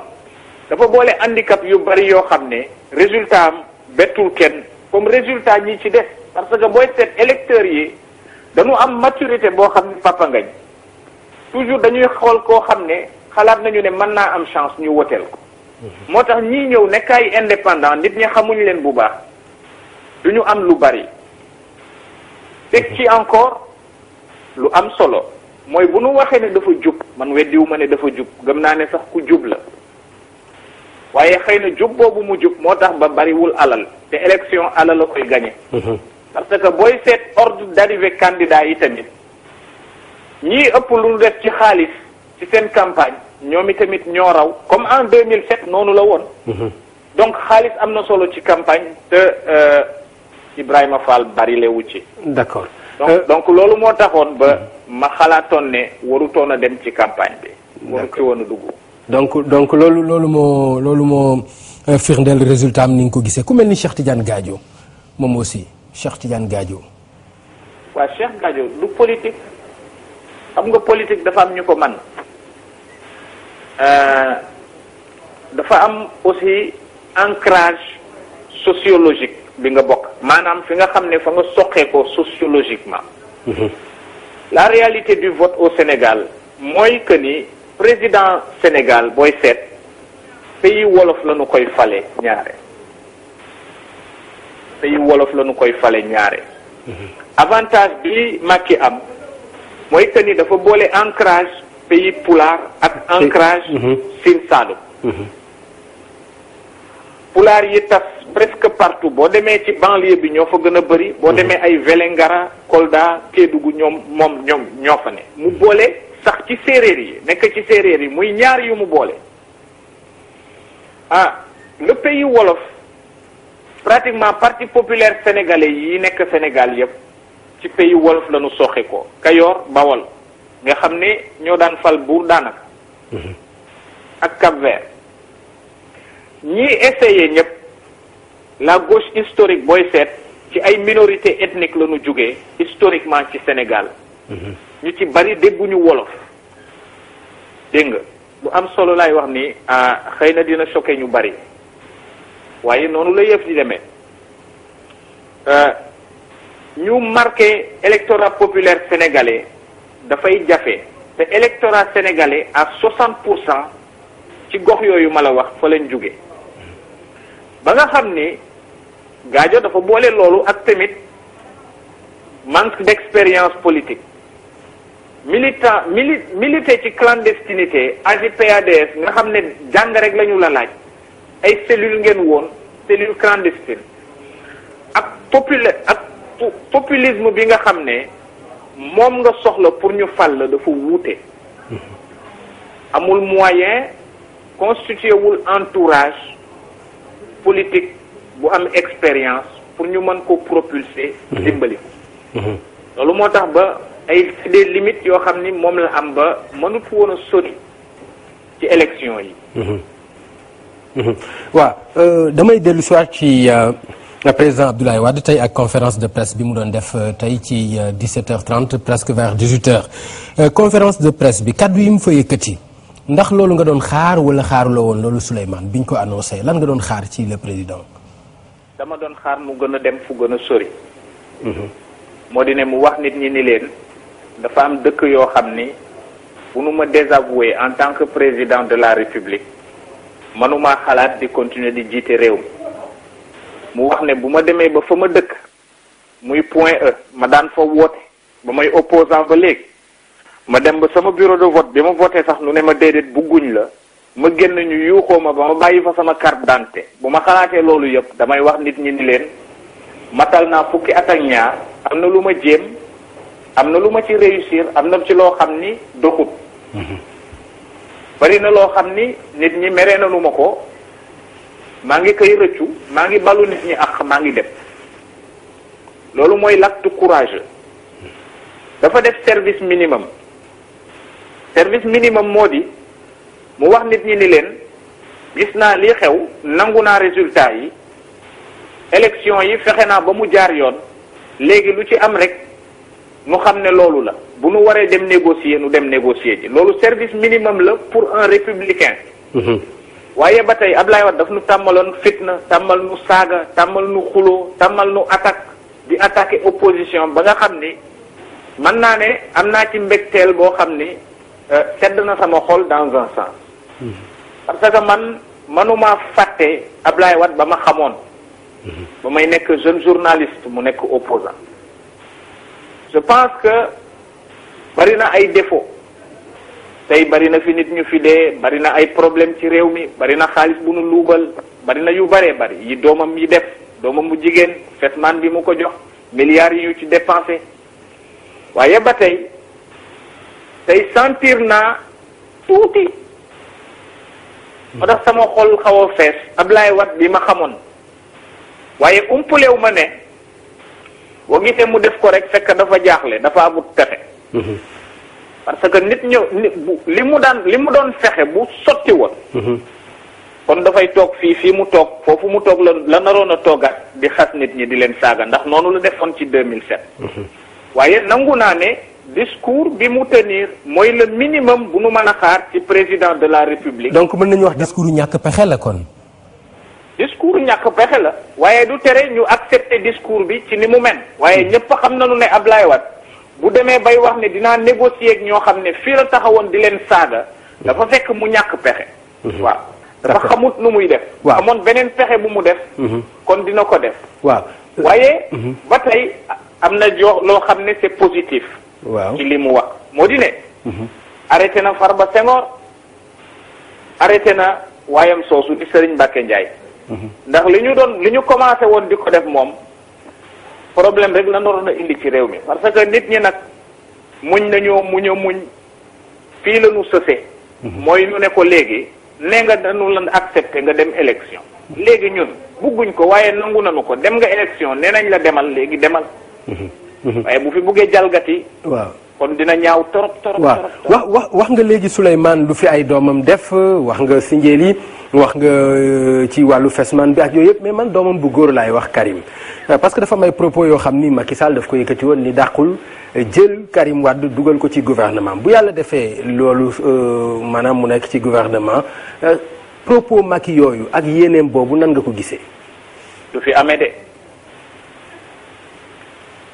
dafa boole handicap yu bari yoo xam ne résultat am bettul kenn comme résultat ñi ci des parce que booy seet électeurs yi dañu am maturité boo xam ne papa ngañ toujours dañuy xool koo xam ne xalaat nañu ne mën naa am chance ñu woteel ko mhm. moo tax ñii ñëw nekk ay indépendant nit ñi xamuñu leen bu baax du ñu am lu bari teg ci encore lu am solo mooy bu nu waxee ne dafa jub man weddiwu ma ne dafa jub gëm naa ne sax ku jub la waaye xëy na jub boobu mu jub moo tax ba bariwul alal te élection alal la koy gagné. Mhm. parce que booy seet ordre d'arrivée candidat yi tamit ñii ëpp lu nu def ci xaalis ci seen campagne ñoom i tamit ñoo raw comme en mille 2007 noonu la woon. Mhm. donc xaalis am na solo ci campagne te. Euh, Ibrahima Fall bari lewu ci. d'accord donc euh, donc loolu moo taxoon ba hmm. ma xalaatoon ne warutoon a dem ci campagne bi. waru ci woon a donc donc loolu loolu moo loolu moo euh, firndeel résultat am ni nga ko gisee ku mel ni Cheikh Tidiane Gadio moom aussi Cheikh Tidiane Gadio. waaw Cheikh Gadio du politique xam nga politique dafa am ñu ko man euh, dafa am aussi ancrage sociologique. bi nga bokk maanaam fi nga xam ne fa nga soqee ko sociologiquement mhm. la réalité du vote au Sénégal mooy que ni président Sénégal booy seet pays wolof la koy fale ñaare pays wolof la koy fale ñaare mhm. avantage bi Macky am mooy que ni dafa boole encrage pays pulaar ak ancrage mhm. Sine Saloum pulaar yi tas presque partout boo demee ci banlieue bi ñoo fa gën a bëri boo mhm. demee ay Vélingara Kolda Kédougou ñoom moom ñoom ñoo fa ne mu boole sax ci séeréer yi nekk ci séeréer yi muy ñaar yu mu boole ah le pays wolof pratiquement parti populaire sénégalais yi nekk Sénégal yépp ci pays wolof la ñu soxe ko Kayoor Bawol nga xam ne ñoo daan fal buur daanaka mhm. ak Cap-Vert ñi essayé ñëpp la gauche historique booy seet ci ay minorité ethnique la ñu jugee historiquement ci Sénégal mhm. ñu ci bari dégguñu wolof dégg nga bu am solo lay wax ni ah, xëy na dina choqué ñu bari waaye noonu la yëf di demee euh, ñu marqué électorat populaire sénégalais dafay jafe te électorat sénégalais à 60 pour cent ci gox yooyu ma la wax fa lañ jugee ba nga xam ni gaajo dafa boole loolu ak tamit manque d'expérience politique militant mili milité ci clandestinité AJ/PADS nga xam ne jàng rek la ñu la laaj ay cellule ngeen woon cellule clandestine ak popula ak populisme bi nga xam ne moom nga soxla pour ñu fal la dafa wuute mm-hmm. amul moyen constitué wul entourage politique bu am expérience pour ñu man ko propulser mhm. dimbali ko mhm. moo tax ba ay des limites yoo xam ni moom la am ba mënut woon a sori ci élection yi mhm. waaw euh, damay dellu soir ci euh, président Abdoulaye Wade tey ak conférence de presse bi mu doon def euh, tey ci 17h30 presque vers 18h conférence de presse bi kaddu yi mu fa yëkkati ndax loolu nga doon xaar wala xaaruloo woon loolu Souleymane biñ ko annoncé lan nga doon xaar ci le président. dama doon xaar mu gën a dem fu gën a sori. Mhm. moo di ne mu wax nit ñi ni leen dafa am dëkk yoo xam ni fu nu ma désavoué en tant que président de la république mënuma xalaat di continuer di jiite réew mi. mu wax ne bu ma demee ba fa ma dëkk muy point E ma daan fa woote ba may opposant ba léegi ma dem ba sama bureau de vote bi ma voté sax nu ne ma déedéet bugguñ la ma génn ñu yuuxoo ma ba ma bàyyi fa sama carte d'identité bu ma xalaatee loolu yëpp damay wax nit ñi ni leen matal naa fukki at ak ñaar am na lu ma jéem am na lu ma ci réussir am na ci loo xam ni doxut mhm. bari na loo xam ni nit ñi meree nanu ma ko maa ngi koy rëccu maa ngi balu nit ñi ak maa ngi dem loolu mooy l'acte courageux dafa def service minimum service minimum moo di mu wax nit ñi ni leen gis naa lii xew nangu naa résultat yi élection yi fexe naa ba mu jaar yoon léegi lu ci am rek nu xam ne loolu la bu nu waree dem négocier nu dem négocier ji loolu service minimum la pour un républicain mhm. waaye ba tey ab Ablaye Wade daf nu tàmmaloon fitna tàmmal nu saaga tàmmal nu xuloo tàmmal nu attaque di attaquer opposition ba nga xam ni mën naa ne am naa ci mbégteel boo xam ni sedd na sama xol dans un sens parce que man manuma fàtte Ablaye Wade ba ma xamoon ba may nekk jeune journaliste mu nekk opposant je pense que bari na ay défaut tey bari na fi nit ñu fi dee bari na ay problème ci réew mi bari na xaalis bu nu luubal bari na yu baree bari yi doomam yi def doomam mu jigéen fetman bi mu ko jox milliards yi ci dépensé waaye ba tey tey sentir naa tuuti. moo tax sama xol xaw a fees Ablaye Wade bi ma xamoon waaye umpalew ma ne boo gisee mu def ko rek fekk dafa jaaxle dafa amut pexe. Mhm. parce que nit ñëw li mu daan li mu doon fexe bu sotti woon. Mhm. kon dafay toog fii fii mu toog foofu mu toog la la naroon a toogaat di xas nit ñi di leen saaga ndax noonu la defoon ci 2007. Mhm. waaye nangu naa ne. discours bi mu tenir mooy le minimum bu nu mën a xaar ci président de la république. donc mën nañu wax discours yu ñàkk pexe la kon. discours ñàkk pexe la. waaye du tere ñu accepter discours bi ci ni mu mel. waaye hmm. ñëpp xam nañu ne Ablaye wat bu demee bay wax ne dinaa négocier ak ñoo xam ne fii la taxawoon di leen saaga. dafa fekk mu ñàkk pexe. Hmm. waaw dafa xamut nu muy def. waaw amoon beneen pexe bu mu def. Hmm. kon dina ko def. waaw waaye. ba tey am na joo loo xam ne c'est positif. waaw ci li mu wax moo di ne mhm. arrêté na ba Senghor arrêté na waayam soosu di Serigne Mbacke Ndiaye mhm. ndax li ñu doon li ñu commencé woon di ko def moom problème rek la naroon a indi ci réew mi parce que nit ñi nag muñ nañoo muñ a muñ fii la ñu sësee mhm. mooy ñu ne ko léegi nee nga dañu lan accepté nga dem élection léegi ñun bugguñ ko waaye nangu nañu ko dem nga élection nee nañ la demal léegi demal Mhm. waaye bu fi buggee jalgati. waaw kon dina ñaaw torop torop. waaw wax wax wax nga léegi Souleymane lu fi ay doomam def wax nga Sindiély yi wax nga euh, ci wàllu Fesman bi ak yooyu yëpp mais man doomam bu góor laay wax Karim euh, parce que dafa may propos yoo xam ni Macky Sall daf ko yëkkati woon ni dàqul euh, jël Karim Wade dugal ko ci gouvernement bu yàlla defee loolu maanaam mu nekk ci gouvernement propos Macky yooyu ak yéeneem boobu nan nga ko gisee. du fi amee de.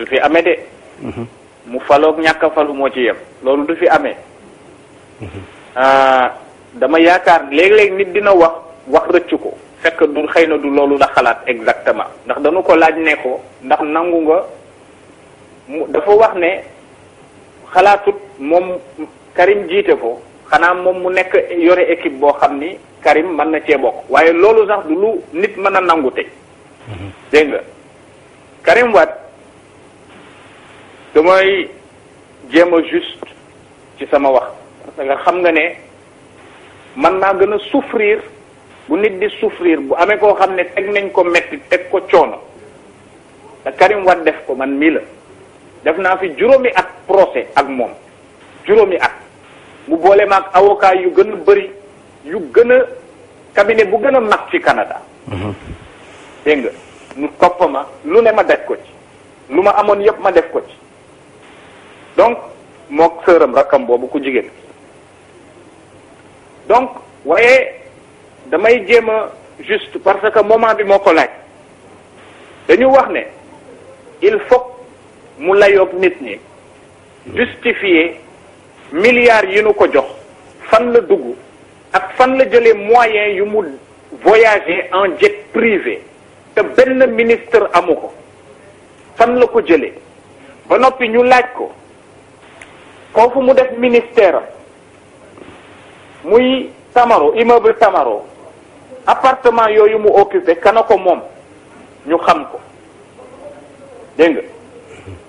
du fi amee de. Mhm. mu faloog ñàkk falu moo ci yem loolu du fi ame mhm. ah, dama yaakaar léeg-léeg nit dina wax wax rëccu ko fekk du xëy na du loolu la xalaat exactement ndax dañu ko laaj ne ko ndax nangu nga mu dafa wax ne xalaatut moom Karim jiite ko xanaa moom mu nekk yore équipe boo xam ni Karim mën na cee bokk waaye loolu sax du lu nit mën a nangu tey. Mhm. dégg Karim Wade damay jéem a juste ci sama wax parce que xam nga ne man naa gën a souffrir bu nit di souffrir bu amee koo xam ne teg nañ ko metti teg ko coono te Karim Wade def ko man mii la def naa fi juróomi at procès ak moom juróomi at mu boole ma ak avocat yu gën a bëri yu gën a cabinet bu gën a mag ci Canada mhm. dégg nga ñu topp ma lu ne ma daj ko ci lu ma amoon yëpp ma def ko ci donc mook sëram rakkam boobu ku jigéen donc waaye damay jéem a juste parce que moment bi moo ko laaj dañu wax ne il faut mu layoog nit ñi justifier milliards yi nu ko jox fan la dugg ak fan la jëlee moyen yu mu voyager en jet privé te benn ministre amu ko fan la ko jëlee ba noppi ñu laaj ko foofu mu def ministère muy Tamaro immeuble Tamaro appartement yooyu mu occupé kana ko moom ñu xam ko dégg nga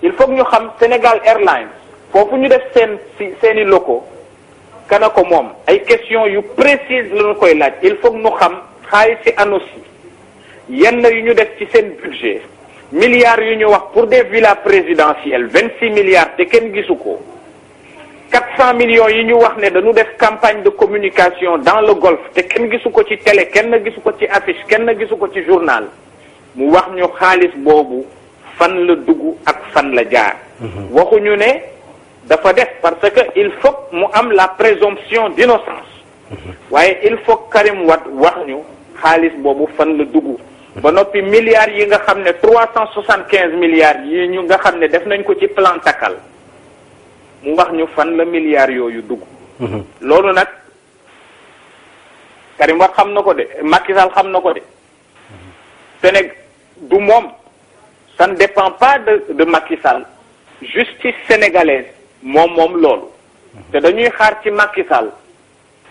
il faut ñu xam Sénégal Airlines foofu ñu def seen si seeni locaux kana ko moom ay question yu précise la ñu koy laaj il faut ñu xam xaalis ci annonce yi yenn yu ñu def ci seen budget milliards yu ñu wax pour des villas présidentielles vingt six milliards te kenn gisu ko cent millions yi ñu wax ne dañu def campagne de communication dans le golfe te kenn gisu ko ci télé kenn gisu ko ci affiche kenn gisu ko ci journal mu wax ñu xaalis boobu fan la dugg ak fan la jaar mhm. waxuñu ne dafa def parce que il faut mu am la présomption d'innocence mhm. waaye il faut Karim Wade wax ñu xaalis boobu fan la dugg ba noppi milliards yi nga xam ne trois cent soixante quinze milliards yi ñu nga xam ne def nañ ko ci plan takkal mu wax ñu fan la milliards yooyu dugg. Mhm. loolu nag Karim Wade xam na ko de Macky Sall xam na ko de. te du moom ça ne dépend pas de de Macky Sall justice sénégalaise moom moom loolu. te dañuy xaar ci Macky Sall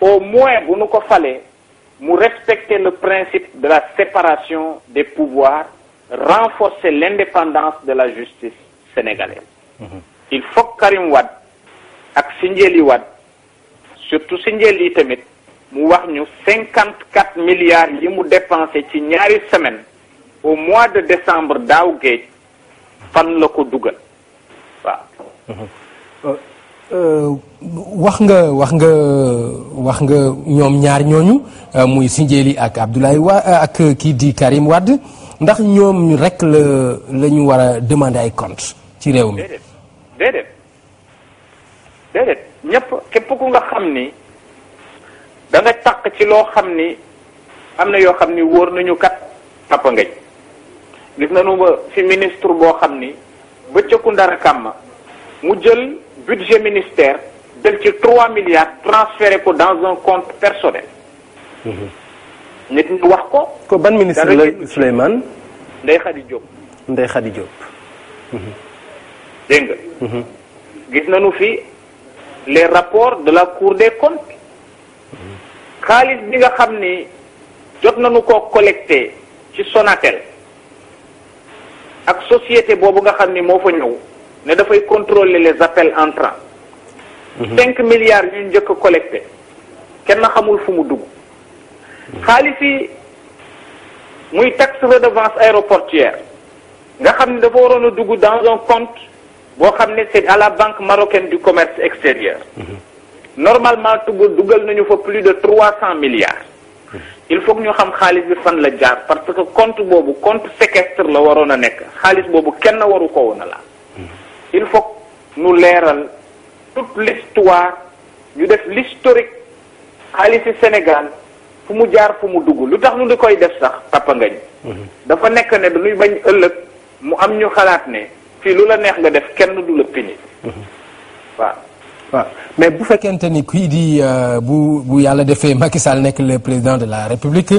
au moins bu nu ko falee mu respecter le principe de la séparation des pouvoirs renforcer l'indépendance de la justice sénégalaise. Mhm. il faut que Karim Wade ak si njël yi wat surtout si njël yi tamit mu wax ñu cinquante quatre milliards yi mu dépensé ci ñaari semaine au mois de décembre daaw géej fan la ko dugal waaw euh, euh, wax nga wax nga wax nga ñoom ñaar ñooñu euh, muy Sindiély ak Abdoulaye Wa ak kii di Karim Wade ndax ñoom rek la la ñu war a demander ay compte ci réew mi déedéet ñëpp képp ku nga xam ni da nga ci loo xam ni am na yoo xam ni wóor nañu kat tappa ngañ gis nañu ba fi ministre boo xam ni bëccëgu ndara kàmma mu jël budget ministère def ci trois milliards transféré ko dans un compte personnel mhm. nit ñi wax ko ko ban ministre la Souleymane Ndeye Khady Diop Ndeye Khady Diop mhm. dégg nga mhm. gis nañu les rapports de la cour des comptes xaalis bi nga xam ni jot nañu ko collecté ci Sonatel ak société boobu nga xam ni moo fa ñëw ne dafay contrôler les appels entrants. Mhm. cinq milliards yu njëkk a collecté kenn xamul fu mu dugg xaalis yi muy taxe redevance aéroportuaire nga xam ni dafa waroon a dugg dans un compte boo xam ne c'est à la banque marocaine du commerce extérieur mhm. normalement tugg dugal nañu fa plus de trois cent milliards mhm. il faut que ñu xam xaalis bi fan la jaar parce que compte boobu compte séquestre la waroon a nekk xaalis boobu kenn waru ko woon a la mhm. il faut que ñu leeral toute l'histoire ñu def l'historique xaalisi Sénégal fu mu jaar fu mu dugg lu tax ñu di koy def sax tappa ngañ dafa nekk ne dañuy bañ ëllëg mu am ñu xalaat ne fii lu la neex nga def kenn du la pini waaw mais bu fekkente ni kii di euh, bu bu yàlla defee Macky Sall nekk le président de la République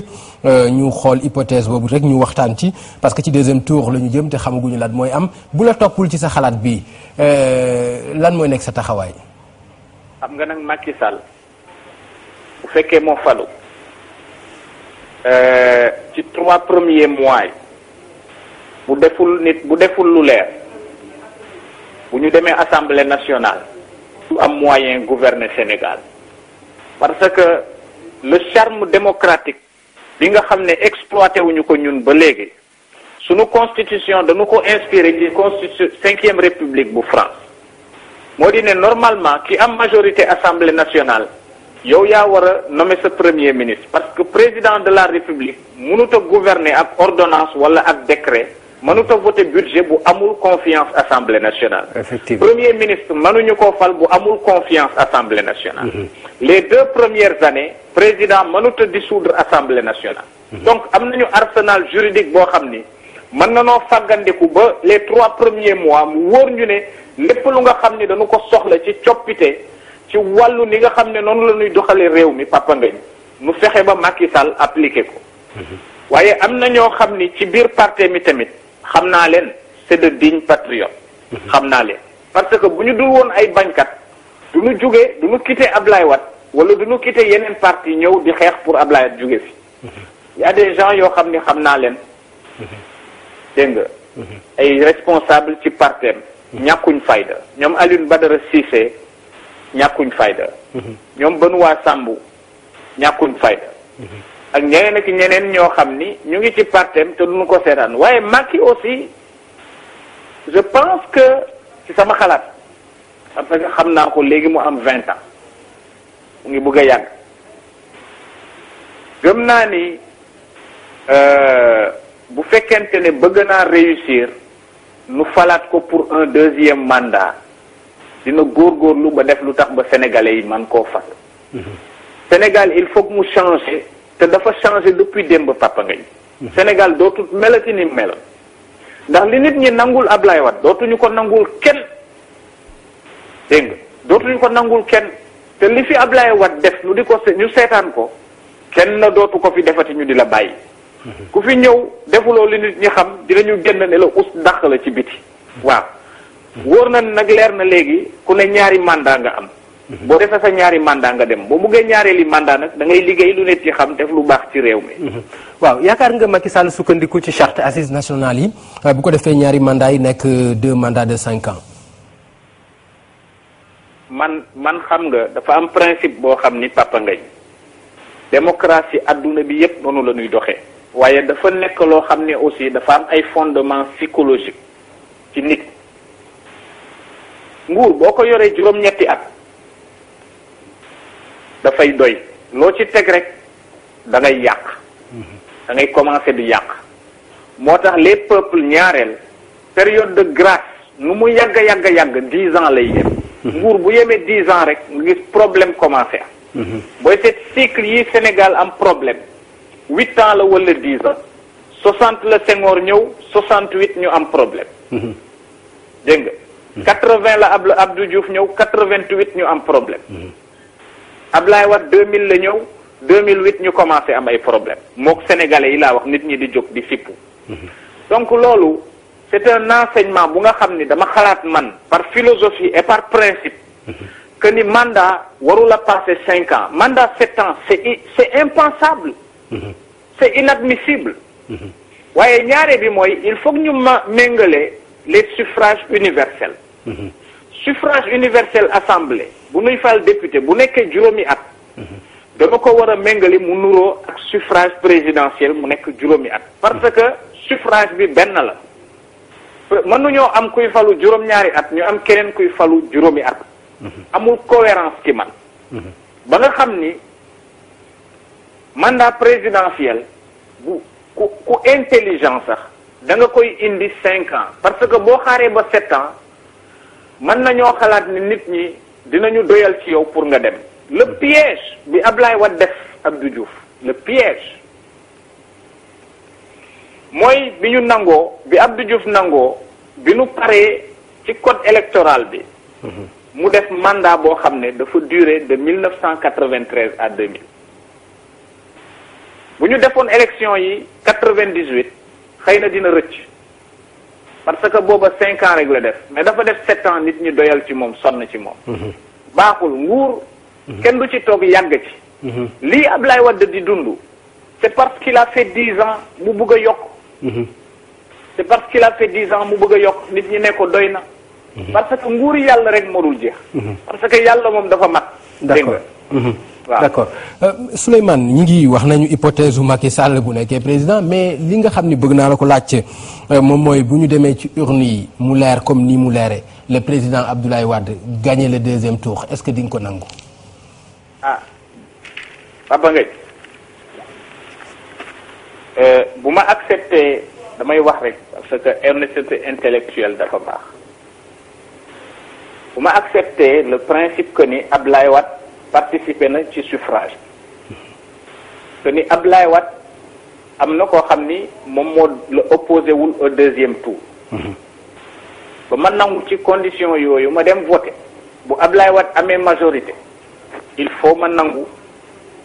euh, ñu xool hypothèse boobu rek ñu waxtaan ci parce que ci deuxième tour la ñu jëm te xamaguñu lan mooy am bu la toppul ci sa xalaat bi euh, lan mooy nekk sa taxawaay. xam nga nag Macky Sall bu fekkee moo falu ci trois premiers mois bu deful lu leer. bu ñu demee assemblée nationale du am moyen gouverner Sénégal parce que le charme démocratique bi nga xam ne exploité wuñu ko ñun ba léegi suñu constitution dañu ko inspiré ci constitution cinquième république bu France moo di ne normalement ki am majorité assemblée nationale yow yaa war a nommer sa premier ministre parce que président de la république mënut a gouverner ak ordonnance wala ak décret mënut a voté budget bu amul confiance assemblée nationale. effectivement premier ministre mënuñu ko fal bu amul confiance assemblée nationale. Mhm. les deux premières années président mënut a dissoudre assemblée nationale. Mhm. donc am nañu arsenal juridique boo xam ni mën na noo fàggandiku ba les trois premiers mois mu wóor ñu ne lépp lu nga xam ni dañu ko soxla ci coppite ci wàllu ni nga xam ne noonu la ñuy doxalee réew mi papa ngañ nu fexe ba Macky Sall appliqué ko. Mhm. waaye am na ñoo xam ni ci biir parti mi tamit. xam naa leen c'est de dignes patriotes. Mhm. xam naa leen parce que bu ñu dul woon ay bañkat du ñu jugee du ñu quitté Ablaye Wade wala du ñu quitté yeneen parti ñëw di xeex pour Ablaye Wade jugee fi. Mhm. y a des gens yoo xam ni xam naa leen. Mhm. dégg nga. ay responsable ci partem ñàkkuñ fayda ñoom Alioune Badara Cissé ñàkkuñ fayda. ñoom Benoît Sambou ñàkkuñ fayda. ak ñeneen ak ñeneen ñoo xam ni ñu ngi ci partem te duñu ko seetaan waaye Macky aussi je pense que ci sama xalaat parce que xam naa ko léegi mu am vingt ans mu ngi bëgg a yàgg gëm naa ni euh, bu fekkente ne bëgg naa réussir nu falaat ko pour un deuxième mandat dina góor góorgóorlu ba def lu tax ba sénégalais yi man koo fal mm-hmm. Sénégal il faut mu changer te dafa changé depuis démb Papa Ngagne Sénégal dootul melati ni mel ndax li nit ñi nangul Ablaye wat dootuñu ko nangul kenn dégg nga dootuñu ko nangul kenn te li fi Ablaye Wade def ñu di ko ñu seetaan ko kenn na dootu ko fi defati ñu di la bàyyi ku fi ñëw defuloo li nit ñi xam dinañu génn ne la us dàq la ci biti waaw wóor na nag leer na léegi ku ne ñaari mandat nga am boo defee sa ñaari mandat nga dem boo buggee ñaareeli mandat nag da ngay liggéey lu ne ci xam def lu baax ci réew mi. Mhm. waaw yaakaar nga Macky Sall sukkandiku ci charte assises nationale yi bu ko defee ñaari mandat yi nekk euh, deux mandats de cinq ans. man man xam nga dafa am principe boo xam ni papa ngañ démocratie adduna bi yépp noonu la ñuy doxee. waaye dafa nekkaloo xam ne aussi dafa am ay fondement psychologique ci nit. nguur boo ko yoree juróom-ñetti at. dafay doy loo ci teg rek da ngay yàq mhm. da ngay commencer du yàq moo tax les peuples ñaareel période de grâce nu mu yàgg a yàgg a yàgg dix ans lay yem mhm. nguur bu yemee dix ans rek nga gis problème commencé mhm. booy seet cycle yi Sénégal am problème huit ans la wala dix ans soixante la Senghor ñëw soixante huit ñu am problème dégg nga quatre vingt la Abdou Diouf ñëw quatre vingt huit ñu am problème ab war Wade 2000 la ñëw mille 2008 ñu commencé am ay problème mook sénégalais yi laa wax nit ñi di jóg di fippu. donc loolu c'est un enseignement bu nga xam ni dama xalaat man par philosophie et par principe. que ni mandat warul a passer cinq ans mandat sept ans c'est c'est impensable. c'est inadmissible. waaye ñaare bi mooy il faut ñu ma méngale les suffrages universels. suffrage universel assemblée bu nuy fal député bu nekkee juróomi at dama ko war a méngali mu nuroo ak suffrage présidentiel mu nekk juróomi at parce que suffrage bi benn la mënuñoo am kuy falu juróom-ñaari at ñu am keneen kuy falu juróomi at amul cohérence ki man ba nga xam ni mandat présidentiel bu ku ku intelligent sax da nga koy indi cinq ans parce que boo xaaree ba sept ans mën nañoo xalaat ni nit ñi dinañu doyal ci yow pour nga dem le piège bi lay wat def Abdou Diouf le piège mooy bi ñu nangoo bi Abdou Diouf nangoo bi nu paree ci code électoral bi mhm. mu def mandat boo xam ne dafa durer de 1993 à 2000 bu ñu defoon élection yi 98 xëy na dina rëcc parce que booba cinq ans rek def mais dafa def sept ans nit ñi doyal ci moom sonn ci moom mhm. baaxul nguur mhm. kenn du ci toog yàgg ci mhm. lii Ablaye Wade di dund c'est parce qu'il la fait dix ans mu bëgg a yokk c'est parce qu'il a fait dix ans mu bëgg a yokk nit ñi ne ko doy na parce que nguur yàlla rek moo dul jeex parce que yàlla moom dafa mat d'accord waaw d' accord euh, Souleymane ñi ngi wax nañu hypothèse bu Macky sàll bu nekkee président mais li nga xam ni bëgg naa la ko laajte euh, moom mooy bu ñu demee ci urne yi mu leer comme nii mu leeree le président Abdoulaye Wade gagné le deuxième tour est ce que di nga ko nangu. ah Papa Ngagne euh, bu ma accepté damay wax rek parce que honnêteté intellectuelle dafa baax bu ma accepté le principe que ni Abdoulaye Wade. participé na ci suffrage te ni Abdoulaye wat am na koo xam ni moom moo la opposé wul au deuxième tour ba ma nangu ci condition yooyu ma dem voté bu Abdoulaye wat amee majorité il faut man nangu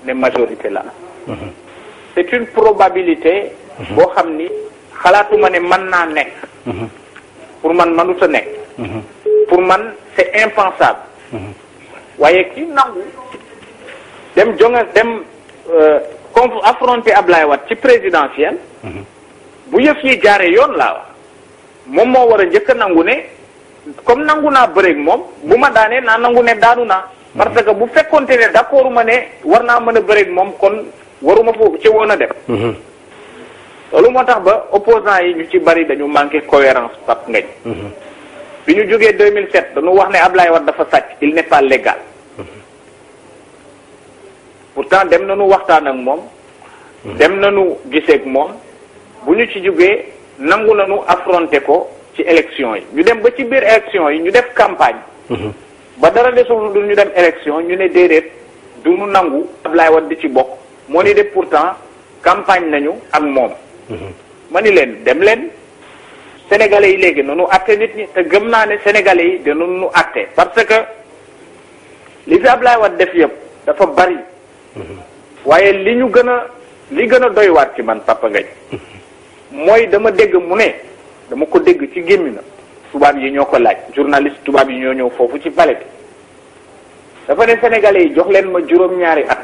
ne majorité la c'est une probabilité boo xam ni xalaatuma ne mën naa nekk pour man mënuta nekk pour man c'est impensable waaye ki nangu dem jonga dem comme ab laay wat ci présidentielle. Mhm. bu yëf yi jaaree yoon laa moom moo war a njëkk nangu ne comme nangu naa bëreeg moom bu ma daanee naa nangu ne daanu naa. Mhm. parce que bu fekkonte ne d'accord ma ne war naa mën a bëreeg moom kon waruma foofu ci woon a dem. Mhm. loolu moo tax ba opposants yi ñu ci bari dañu manqué cohérence pap ngañ bi ñu jógee 2007 dañu wax ne Ablaye Wade dafa sàcc il n'est pas légal pourtant dem nañu waxtaan ak moom. dem nañu giseek moom bu ñu ci jógee nangu nañu affronter ko ci élection yi ñu dem ba ci biir élection yi ñu def campagne. ba dara desul du ñu dem élection ñu ne déedéet du ñu nangu Ablaye Wade di ci bokk moo ni de pourtant campagne nañu ak moom. ma ni leen dem leen. sénégalais yi léegi noonu atte nit ñi te gëm naa ne sénégalais yi danu nu atte parce que li fi Ablaye Wade def yëpp dafa bari mm-hmm. waaye li ñu gën a li gën a doy waat ci man Papa mm-hmm. mooy dama dégg mu ne dama ko dégg ci gémmi na tubaab yi ñoo ko laaj journaliste tubaab yi ñoo ñëw foofu ci palais dafa ne sénégalais yi jox leen ma juróom-ñaari at mm-hmm.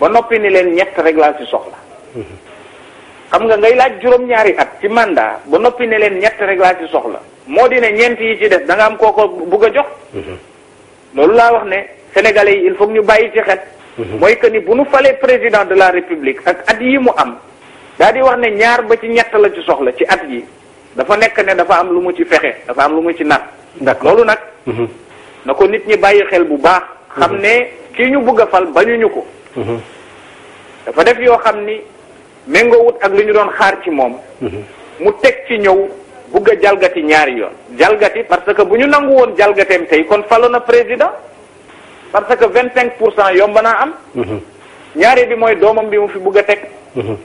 ba noppi ni leen ñett rek laa ci soxla xam nga ngay laaj juróom-ñaari at ci mandat ba noppi ne leen ñett rek laa ci soxla moo di ne ñeent yi ci def da nga am ko bugg a jox mhm. loolu laa wax ne sénégalais yi il faut ñu bàyyi ci xel mhm. mooy que ni bu nu falee président de la république ak at yi mu am daal di wax ne ñaar ba ci ñett la ci soxla ci at yi dafa nekk ne dafa am lu mu ci fexe dafa am lu mu ci nat d'accord loolu nag mhm. na ko nit ñi bàyyi xel bu baax xam ne kii ñu bugg a fal bañuñu ko dafa def yoo xam méngoowut ak li ñu doon xaar ci moom mhm. mu teg ci ñëw bugg a jalgati ñaari yoon jalgati parce que bu ñu nangu woon jalgateem tey kon falo na président parce que vingt cinq pour cent yomb naa am mhm. ñaari bi mooy doomam bi mu fi bugg a teg mhm.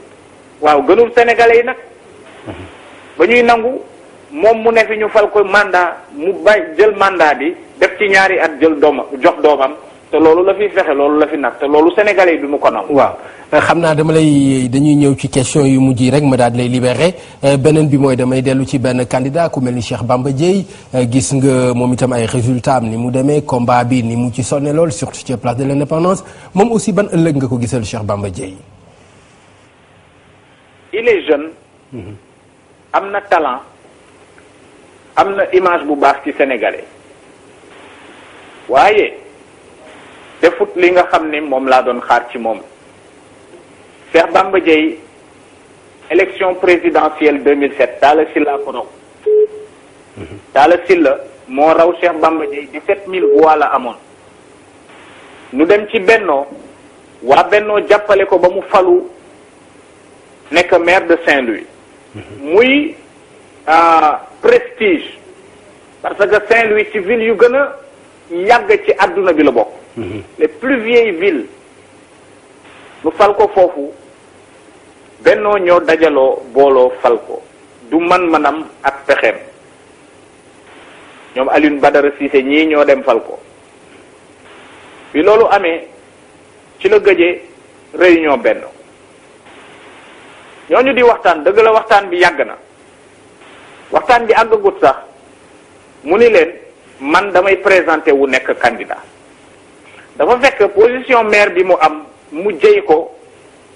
waaw gënul sénégalais yi nag ba ñuy nangu moom mu ne fi ñu fal ko mandat mu bay jël mandat bi def ci ñaari at jël doomam jox doomam te loolu la fi fexe loolu la fi nag te loolu sénégalais yi du ñu ko nangu waaw xam naa dama lay dañuy ñëw ci question yu mujj yi rek ma daal di lay libéré euh, beneen bi mooy damay dellu ci benn candidat ku mel ni Cheikh Bamba Dièye euh, gis nga moom itam ay résultat ni mu demee combat bi ni mu ci sonne lool surtout ci place de l'indépendance moom aussi ban ëllëg nga ko gisal Cheikh Bamba Dièye. il est jeune. Mm-hmm. am na talent. am na image bu baax ci sénégalais. waaye defut li nga xam ne moom laa doon xaar ci moom. Cheikh Bamba Dièye élection présidentielle 2007 Talla Sylla ko raw Talla Sylla moo raw Cheikh Bamba Dièye 17000 voix la amoon nu dem ci Bennoo waa Bennoo jàppale ko ba mu falu nekk maire de Saint-Louis muy euh, prestige parce que Saint-Louis ci ville yu gën a yàgg ci àdduna bi la bokk mhm. les plus vieilles villes nu fal ko foofu bennoo ñoo dajaloo booloo fal ko du man-manam ak pexeem ñoom Alioune Badara Cissé ñii ñoo dem fal ko bi loolu amee ci la gëjee réunion benn ñooñu di waxtaan dëgg la waxtaan bi yàgg na waxtaan bi àggagut sax mu ni leen man damay présenté wu nekk candidat dafa fekk position maire bi mu am mu jëy ko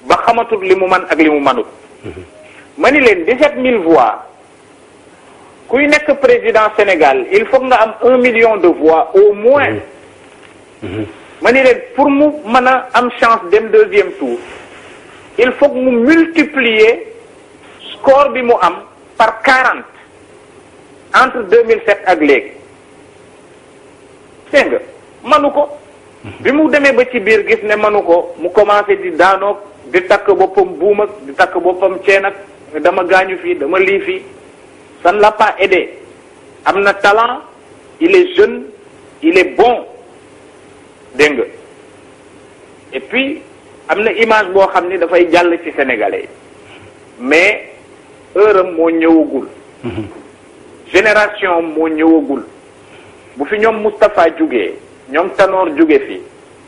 ba xamatul li mu man ak li mu manut ma ni leen dix-sept mille voix kuy nekk président Sénégal il faut nga am un million de voix au moins mhm. ma pour mu mën a am chance dem deuxième tour il faut mu multiplier score bi mu am par quarante entre deux mille sept ak léegi dégg nga manu ko mhm. bi mu demee ba ci biir gis ne manu ko mu commencé di daanoo di takk boppam buum ak di takk boppam ceen ak dama gaañu fii dama lii fii san ne l'a am na talent il est jeune il est bon dégg nga et puis am na image boo xam ni dafay jàll ci sénégalais mais heure moo ñëwagul. génération moo ñëwagul bu fi ñoom Moustapha jugee ñoom tanoor juge fii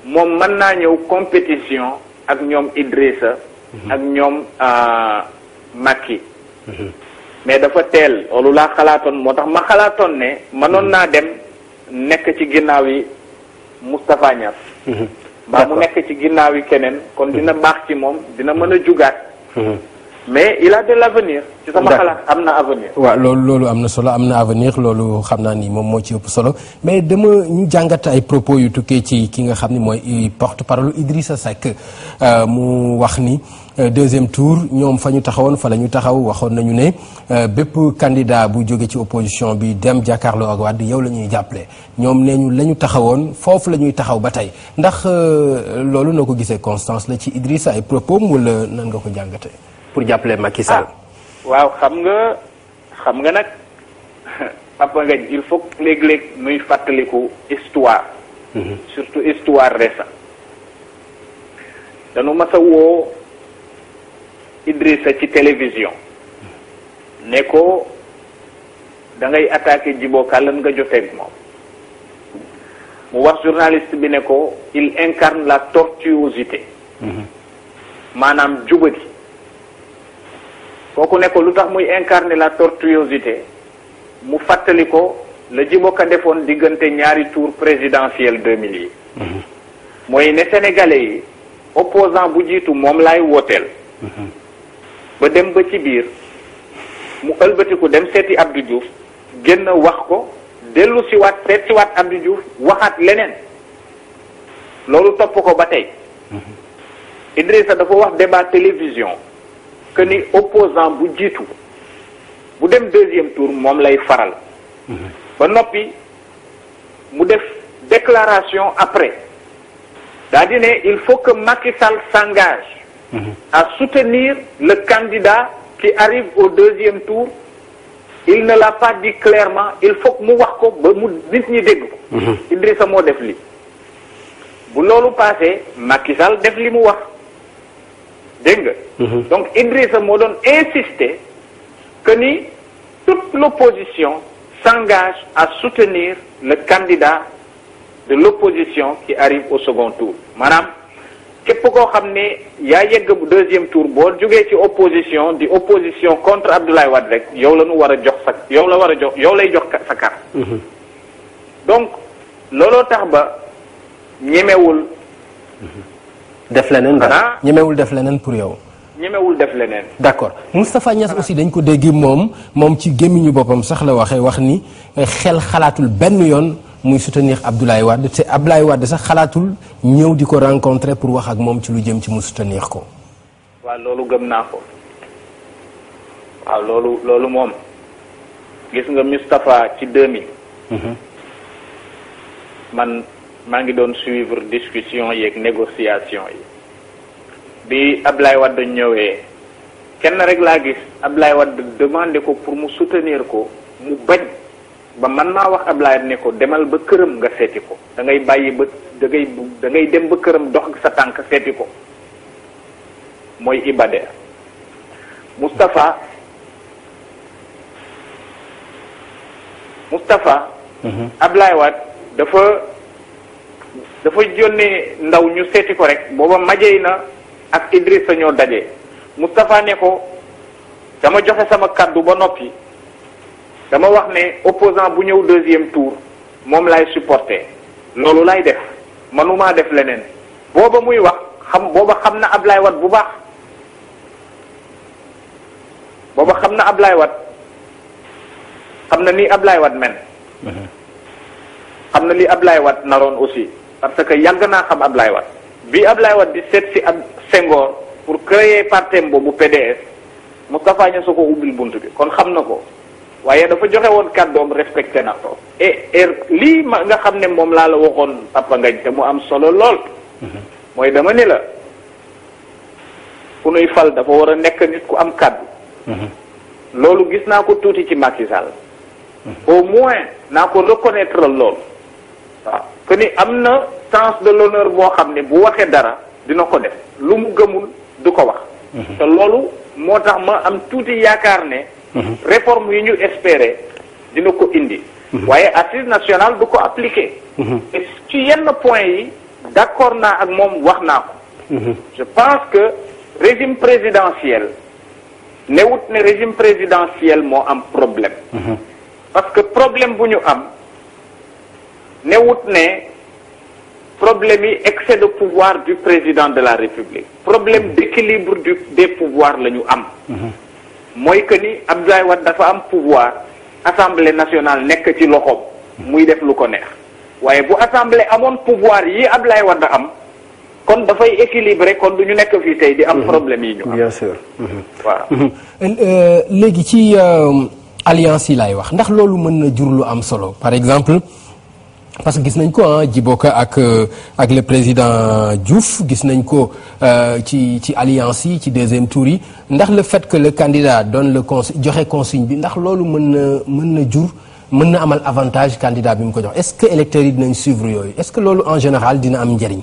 moom mën naa ñëw compétition. ak ñoom Idrissa mhm. ak ñoom euh, Macky mhm. mais dafa teel loolu laa xalaatoon moo tax ma xalaatoon ne mënoon mhm. naa dem nekk ci ginnaaw yi Moustapha Niass mbaa mu nekk ci ginnaaw yi keneen kon dina baax ci moom dina mën a jugaat mais il a de avenir. ci sama xalaat am na avenir. waaw loolu loolu am na solo am na avenir loolu xam naa ni moom moo ci ëpp solo mais dama ñu jàngat ay propos yu tukkee ci ki nga xam ni mooy porte parole sa Seck euh, mu wax ni. Euh, deuxième tour ñoom fa ñu taxawoon fa la ñu taxaw waxoon nañu ne euh, bépp candidat bu jóge ci opposition bi dem jàkkaarloo ak Wade yow la ñuy jàppale ñoom nee ñu la ñu taxawoon foofu la ñuy taxaw ba tey ndax loolu noo ko gisee constance la ci Idrissa ay propos wala nan nga ko jàngatee. pour jàppale Macky Sall. Ah, waaw xam nga xam nga nag papa nga il faut léeg-léeg nuy fàttaliku histoire. Mhm. surtout histoire récente. dañu mas a woo sa ci télévision. ne ko da ngay attaqué Djibo Ka nga jotee moom. mu wax journaliste bi ne ko il incarne la tortuosité. Mhm. maanaam juba gi kooku ne nekkoon lu tax muy incarner la tortuosité mu fàttali ko la Djiboka defoon diggante ñaari tour présidentiel 2000 yi mhm. mooy ne sénégalais yi opposant bu jiitu moom laay wooteel mhm. ba dem ba ci biir mu ëlbatiku dem seeti Abdou Diouf génn wax ko dellu si waat seet si waat Abdou Diouf waxaat leneen loolu topp ko ba tey mhm. Idrissa dafa wax débat télévision que ni opposant bu jiitu bu dem deuxième tour moom lay faral ba noppi mu def déclaration après daa di ne il faut que Macky Sall s'engage à soutenir le candidat qui arrive au deuxième tour il ne l'a pas dit clairement il faut que mu wax ko ba mu nit ñi dégg ko mhm. Idrissa moo def li bu loolu passé Macky def li mu wax dégg nga. Mhm. donc Idrissa moo doon insister que ni toute l'opposition s'engage à soutenir le candidat de l'opposition qui arrive au second tour maanaam képp koo xam ni yaa bu deuxième tour boo jógee ci opposition di opposition contre Abdoulaye Wade rek yow la ñu war a jox sa yow la war a jox yow lay jox sa carte. Mhm. donc looloo tax ba ñemewul. Mhm. def leneen ah ñemewul def leneen pour yow. ñemewul def leneen. d' accord Moustapha Niass aussi dañ ko dégg moom moom ci gémmiñu boppam sax la waxee wax ni xel xalaatul benn yoon muy soutenir Abdoulaye Wade te Abdoulaye Wade sax xalaatul ñëw di ko rencontrer pour wax ak moom ci lu jëm ci mu soutenir ko. waa loolu gëm naa ko waaw loolu loolu moom gis nga Moustapha ci 2000. Mhm. man. maa ngi doon suivre discussion yeeg négociation yi bi lay Ablaye Wade ñëwee kenn rekk laa gis Ablaye Wade demandé ko pour mu soutenir ko mu bañ ba man maa wax Ablaye ne ko demal ba këram nga seeti ko dangay ngay bàyyi ba da ngay dem ba këram dox sa tànk seeti ko mooy Ibader Moustapha Moustapha mhm. Ablaye Wade dafa dafa jónne ndaw ñu seeti ko rek booba majey na ak Idrissa ñoo daje Moustapha ne ko dama joxe sama kàddu ba noppi dama wax ne opposant bu ñëw deuxième tour moom lay supporter loolu laay def manumaa def leneen booba muy wax xam booba xam na Ablaye Wade bu baax booba xam na Ablaye wat xam na ni Ablaye wat men uh-huh. xam na li lay wat naroon aussi parce que yàgg naa xam Ablaye Wade bi Ablaye Wade di set si ak Senghor pour créer parti boobu PDS Moustapha Niasse ko ubbil bunt bi kon xam na ko waaye dafa joxe woon kàddoom respecté na ko lii ma nga xam ne moom laa la waxoon Papa Ngañ te mu am solo lool mooy dama ni la ku nuy fal dafa war a nekk nit ku am kàddu loolu gis naa ko tuuti ci Macky Sall au moins naa ko reconnaître lool waaw que ni am na sens de l'honneur boo xam ne bu waxee dara dina ko def lu mu gëmul du ko wax mhm. te loolu moo tax ma am tuuti yaakaar ne mhm. réforme yi ñu espérer dina ko indi mhm. waaye assise nationale du ko appliquer ci yenn point yi d'accord naa ak moom wax naa ko je pense que régime présidentiel newut ne régime présidentiel moo am problème parce que problème bu ñu am newut ne problème yi excès de pouvoir du président de la république problème d'équilibre du des pouvoirs la ñu am mhm. mooy que ni Abdoulaye Wade dafa am pouvoir assemblée nationale nekk ci loxoom muy def lu ko neex waaye bu assemblée amoon pouvoir yi Abdoulaye Wade am kon dafay équilibré kon du ñu nekk fii tey di am mhm. problème yi ñu am mhm. Euh, euh, léegi ci euh, alliance yi laay wax ndax loolu mën na jur lu am solo par exemple parce que gis nañ ko ah Djiboka ak euh, ak le président Diouf gis nañ ko euh, ci ci alliance yi ci deuxième tour yi ndax le fait que le candidat donne le consi joxe consigne bi ndax loolu mën na mën na jur mën na amal avantage candidat bi mu ko jox est-ce que électeurs yi dinañ suivre yooyu est-ce que loolu en général dina am njariñ.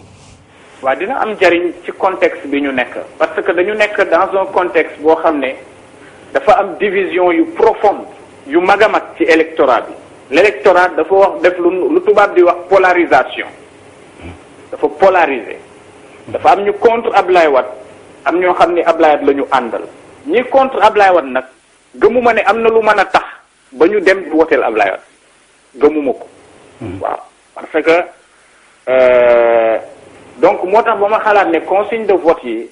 waaw dina am njariñ ci contexte bi ñu nekk. parce que dañu nekk dans un contexte boo xam ne dafa am division yu profonde yu mag a mag ci l'électorat dafa wax def lu tubaab di wax polarisation dafa polariser dafa am ñu contre Ablaye Wade am ñoo xam ni Ablaye Wade la ñu àndal ñi contre Ablaye Wade nag gëmuma ne am na lu mën a tax ba ñu dem woteel Ablaye Wade gëmuma ko hmm. waaw parce que euh, donc moo tax ba ma xalaat ne consigne de vote yi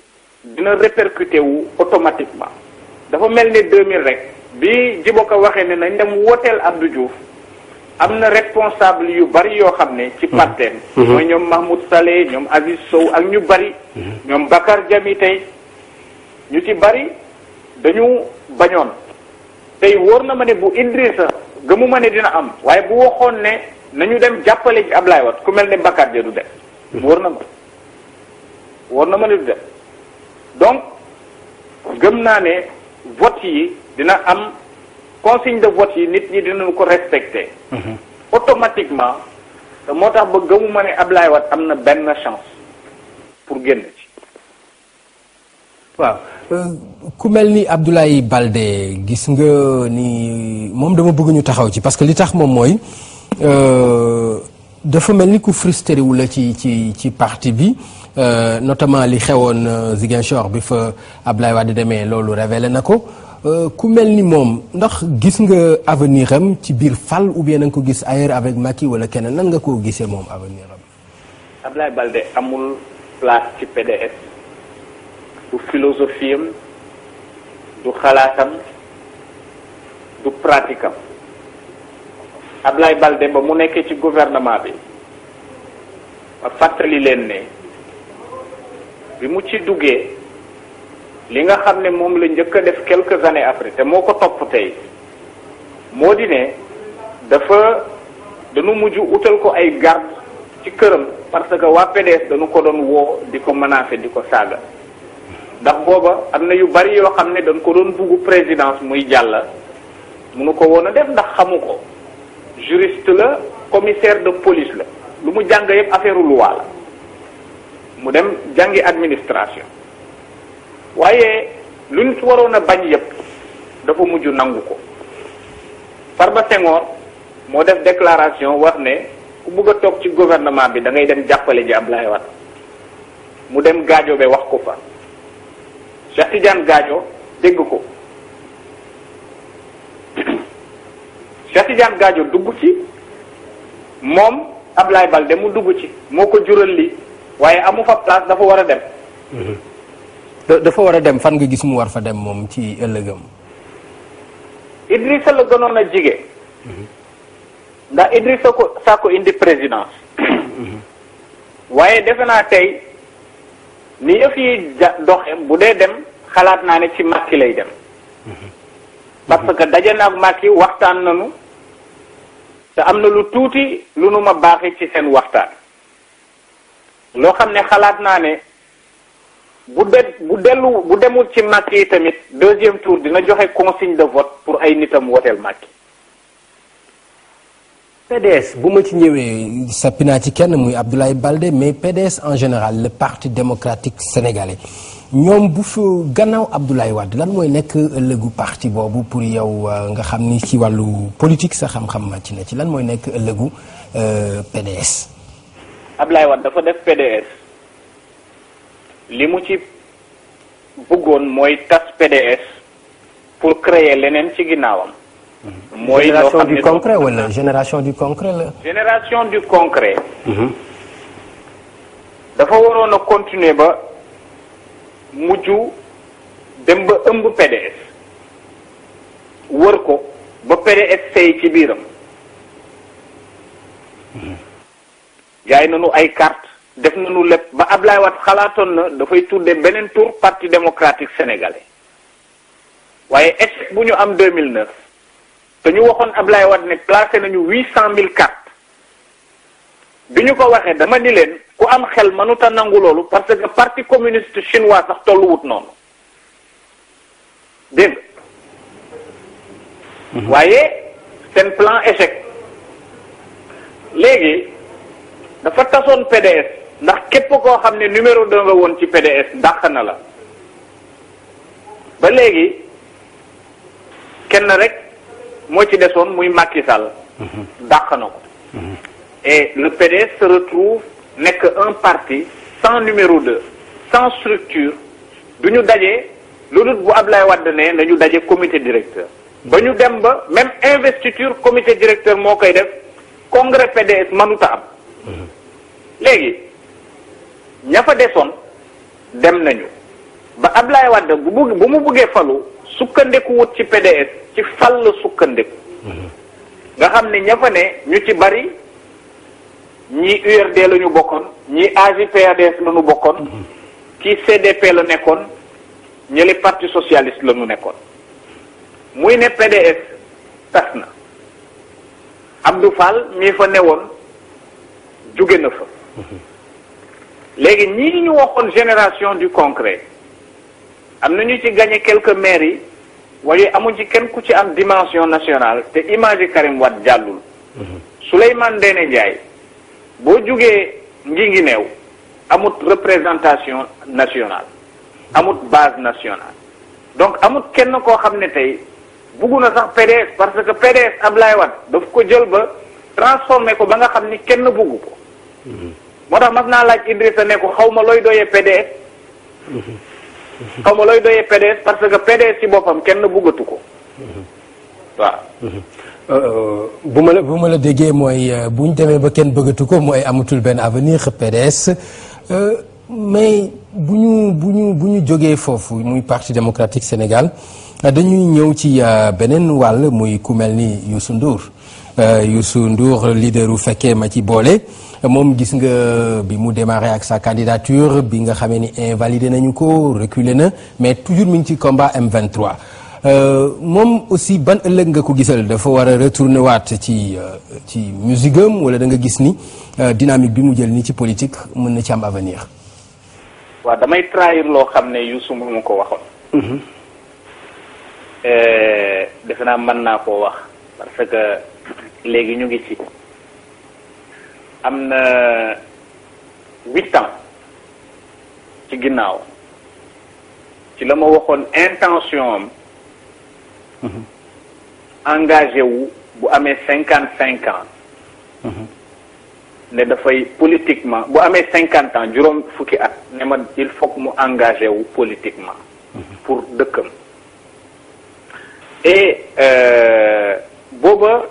dina répercuté wu automatiquement dafa mel ni 2000 rek bi Djibo Ka waxee ne nañ dem woteel du juuf am na responsable yu bari yoo xam ne ci mm-hmm. parteem mm-hmm. mooy ñoom Mahmoud Saleh ñoom Aziz Sow ak ñu bari mm-hmm. ñoom Bakar Jami tey ñu ci bari dañu bañoon tey wóor na ma ne bu Idrissa gëmuma ne dina am waaye bu waxoon ne nañu dem jàppale ji Ablaye Wade ku mel ni Bakar ja du dem wóor na ma wóor na ma ne du dem donc gëm naa ne vote yi dina am consigne de vote yi nit ñi dinañu ko respecté. Mhm. automatiquement moo tax ba gëmuma ne Ablaye Wade am na benn chance pour génn ci. waaw ku mel ni Abdoulaye Baldé gis nga ni moom dama bëgg ñu taxaw ci parce que li tax moom mooy euh, dafa mel ni ku frustré wu ci ci ci partie bi euh, notamment li xewoon euh, Ziguinchor bi fa Ablaye Wade demee loolu révélé na ko. Euh, ku mel ni moom ndax gis nga avenir ci biir fal ou bien na nga ko gis ailleurs avec Macky wala keneen nan nga koo gisee moom avenir am. Abdoulaye Balde amul place ci PDS du philosophie du xalaatam du pratique am Abdoulaye Balde ba mu nekkee ci gouvernement bi ma fàttali leen ne bi mu ci duggee. li nga xam ne moom la njëkk a def quelque années après te moo ko topp tey moo di ne dafa dañu mujj wutal ko ay garde ci këram parce que waa PDS dañu ko doon woo di ko menacer di ko saaga ndax booba am na yu bari yoo xam ne dañ ko doon buggu présidence muy jàll mu munu ko woon a def ndax xamu ko juriste la commissaire de police la lu mu jàng yëpp affaire loi la mu dem jàngi administration waaye luñ ci waroon a bañ yëpp dafa mujj nangu ko Farba Senghor moo def déclaration wax ne ku bëgg a toog ci gouvernement bi da ngay dem jàppale ji Ablaye Wade mu dem gaajo be wax ko fa Cheikh Tidiane gaajo dégg ko Cheikh Tidiane gaajo dugg ci moom ab Ablaye de mu dugg ci moo ko jural lii waaye amu fa place dafa war a dem mhm. dafa war a dem fan nga gis mu war fa dem moom ci ëllëgam. Idrissa la gënoon a jige ndax Idrissa ko saa ko indi présidence. waaye defe naa tey ni yëf yi ja bu dee dem xalaat naa ne ci Macky lay dem. parce que daje na ak yi waxtaan nañu te am na lu tuuti lu nu ma baaxee ci seen waxtaan. loo xam ne xalaat naa ne. bu de bu dellu bu demul ci Macky yi tamit deuxième tour dina joxe consigne de vote pour ay nitam woteel Macky PDS bu ma ci ñëwee sappi naa ci kenn muy Abdoulaye Baldé mais PDS en général le parti démocratique sénégalais ñoom bu fi gannaaw Abdoulaye Wade lan mooy nekk ëllëgu parti boobu pour yow euh, nga xam ni ci wàllu politique sa xam-xam màcc ci lan mooy nekk ëllëgu euh, PDS. Abdoulaye Wade dafa def PDS. li mu ci bëggoon mooy tas PDS pour créer leneen ci ginnaawam. mooy loo xam ne génération du concret génération du concret la. génération du mhm. dafa waroon a continuer ba mujj dem ba ëmb PDS wër ko ba PDS sey ci biiram. Mhm. jaay nañu ay carte def nañu lépp ba Ablaye Wade xalaatoon na dafay tudde beneen tour parti démocratique sénégalais waaye échec bu ñu am 2009 te ñu waxoon Ablaye Wade ne placé nañu huit cent mille cartes bi ñu ko waxee dama ni leen ku am xel mënuta nangu loolu parce que parti communiste chinois sax tolluwut noonu dégg mhm. waaye seen plan échec léegi dafa tasoon PDS. ndax képp koo xam ne numéro deux nga woon ci PDS dàq na la ba léegi kenn rek moo ci desoon muy Macky mhm. dàq na ko mhm. et le PDS se retrouve nekk un parti sans numéro deux sans structure du ñu daje lu dul bu Ablaye Wade ne ñu daje commité directeur ba ñu dem ba même investiture commité directeur moo koy def congrès PDS mënuta am mhm. léegi ña fa desoon dem nañu ba Ablaye Wade bu bu bu mu buggee falu sukkandiku ci PDS ci fal la sukkandiku mhm. nga xam ni ña fa ne ñu ci bari ñii URD lañu ñu bokkoon ñii AJ/PADS la ñu bokkoon kii mhm. CDP la nekkoon ñële parti socialiste la ñu nekkoon muy ne PDS tas na Abdou Fall mii fa newoon jóge na fa mhm. léegi nii ñii ñu waxoon génération du concret am na ñu ci gagné quelques maires yi waaye amuñ ci kenn ku ci am dimension national te image Karim Wade jàllul. Mhm. Souleymane Ndéné Ndiaye boo jugee Guinguinéo amut représentation nationale amut base nationale donc amut kenn koo xam ne tey bugg na sax PDS parce que PDS Ablaye Wade daf ko jël ba transformé ko ba nga xam ni kenn buggu ko. Mhm. moo tax mas naa laaj Idrissa ne ko xaw ma looy doyee PDS xaw ma looy doyee PDS parce que PDS ci boppam kenn buggatu ko waaw. bu ma la bu ma la déggee mooy euh, bu ñu demee ba kenn bëggatu ko mooy amatul benn avenir PDS euh, mais bu ñu bu ñu bu ñu jógee foofu muy parti démocratique Sénégal dañuy ñëw ci euh, beneen wàll muy ku mel ni Youssou Ndour Euh, Youssou Ndour wu fekkee ma ci boole moom gis nga bi mu démarré ak sa candidature bi nga xamee ni invalidé nañu ko reculé na mais toujours mu ngi ci combat M23 euh, moom aussi ban ëllëg nga ko gisal dafa war a retourner waat ci euh, ci musique am wala danga gis ni dynamique bi mu jël ni ci politique mën na ci am avenir. waaw damay trahir loo xam ne Youssou mu ko waxoon. Mhm. defe naa mën naa koo wax parce que. léegi ñu ngi ci am na huit ans ci ginnaaw ci la ma waxoon intention am mhm. engagé wu bu amee cinquante cinq ans mhm. ne dafay politiquement bu amee cinquante ans juróom fukki at ne ma il faut que mu engagé wu politiquement mhm. pour dëkkam et euh, booba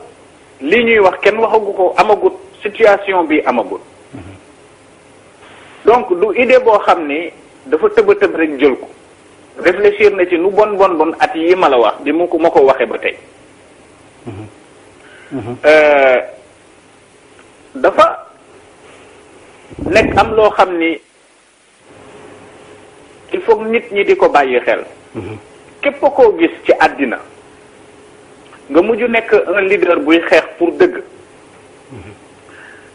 li ñuy wax kenn waxagu ko amagut situation bi amagut donc du idée boo xam ni dafa tëba tëb rek jël ko réfléchir na ci nu bon bon bon at yi ma la wax bi mu ko ma ko waxee ba tey euh, dafa nekk am loo xam ni il faut nit ñi di ko bàyyi xel mhm. képp koo gis ci àddina nga mujj nekk un leader buy xeex pour dëgg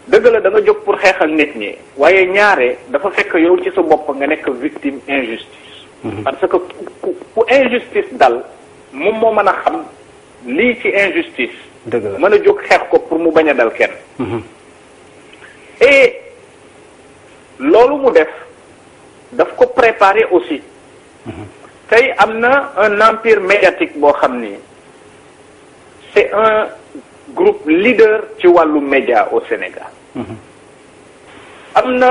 dëgg la da nga jóg pour xeexal nit ñi waaye ñaare dafa fekk yow ci sa bopp nga nekk victime injustice mhm. parce que ku ku injustice dal moom moo mën a xam lii ci injustice dëgg la mën a jóg xeex ko pour mu bañ a dal kenn mhm. et loolu mu def daf ko préparer aussi mhm. tey am na un empire médiatique boo xam ni c'est un groupe leader ci wàllu média au Sénégal mhm. am na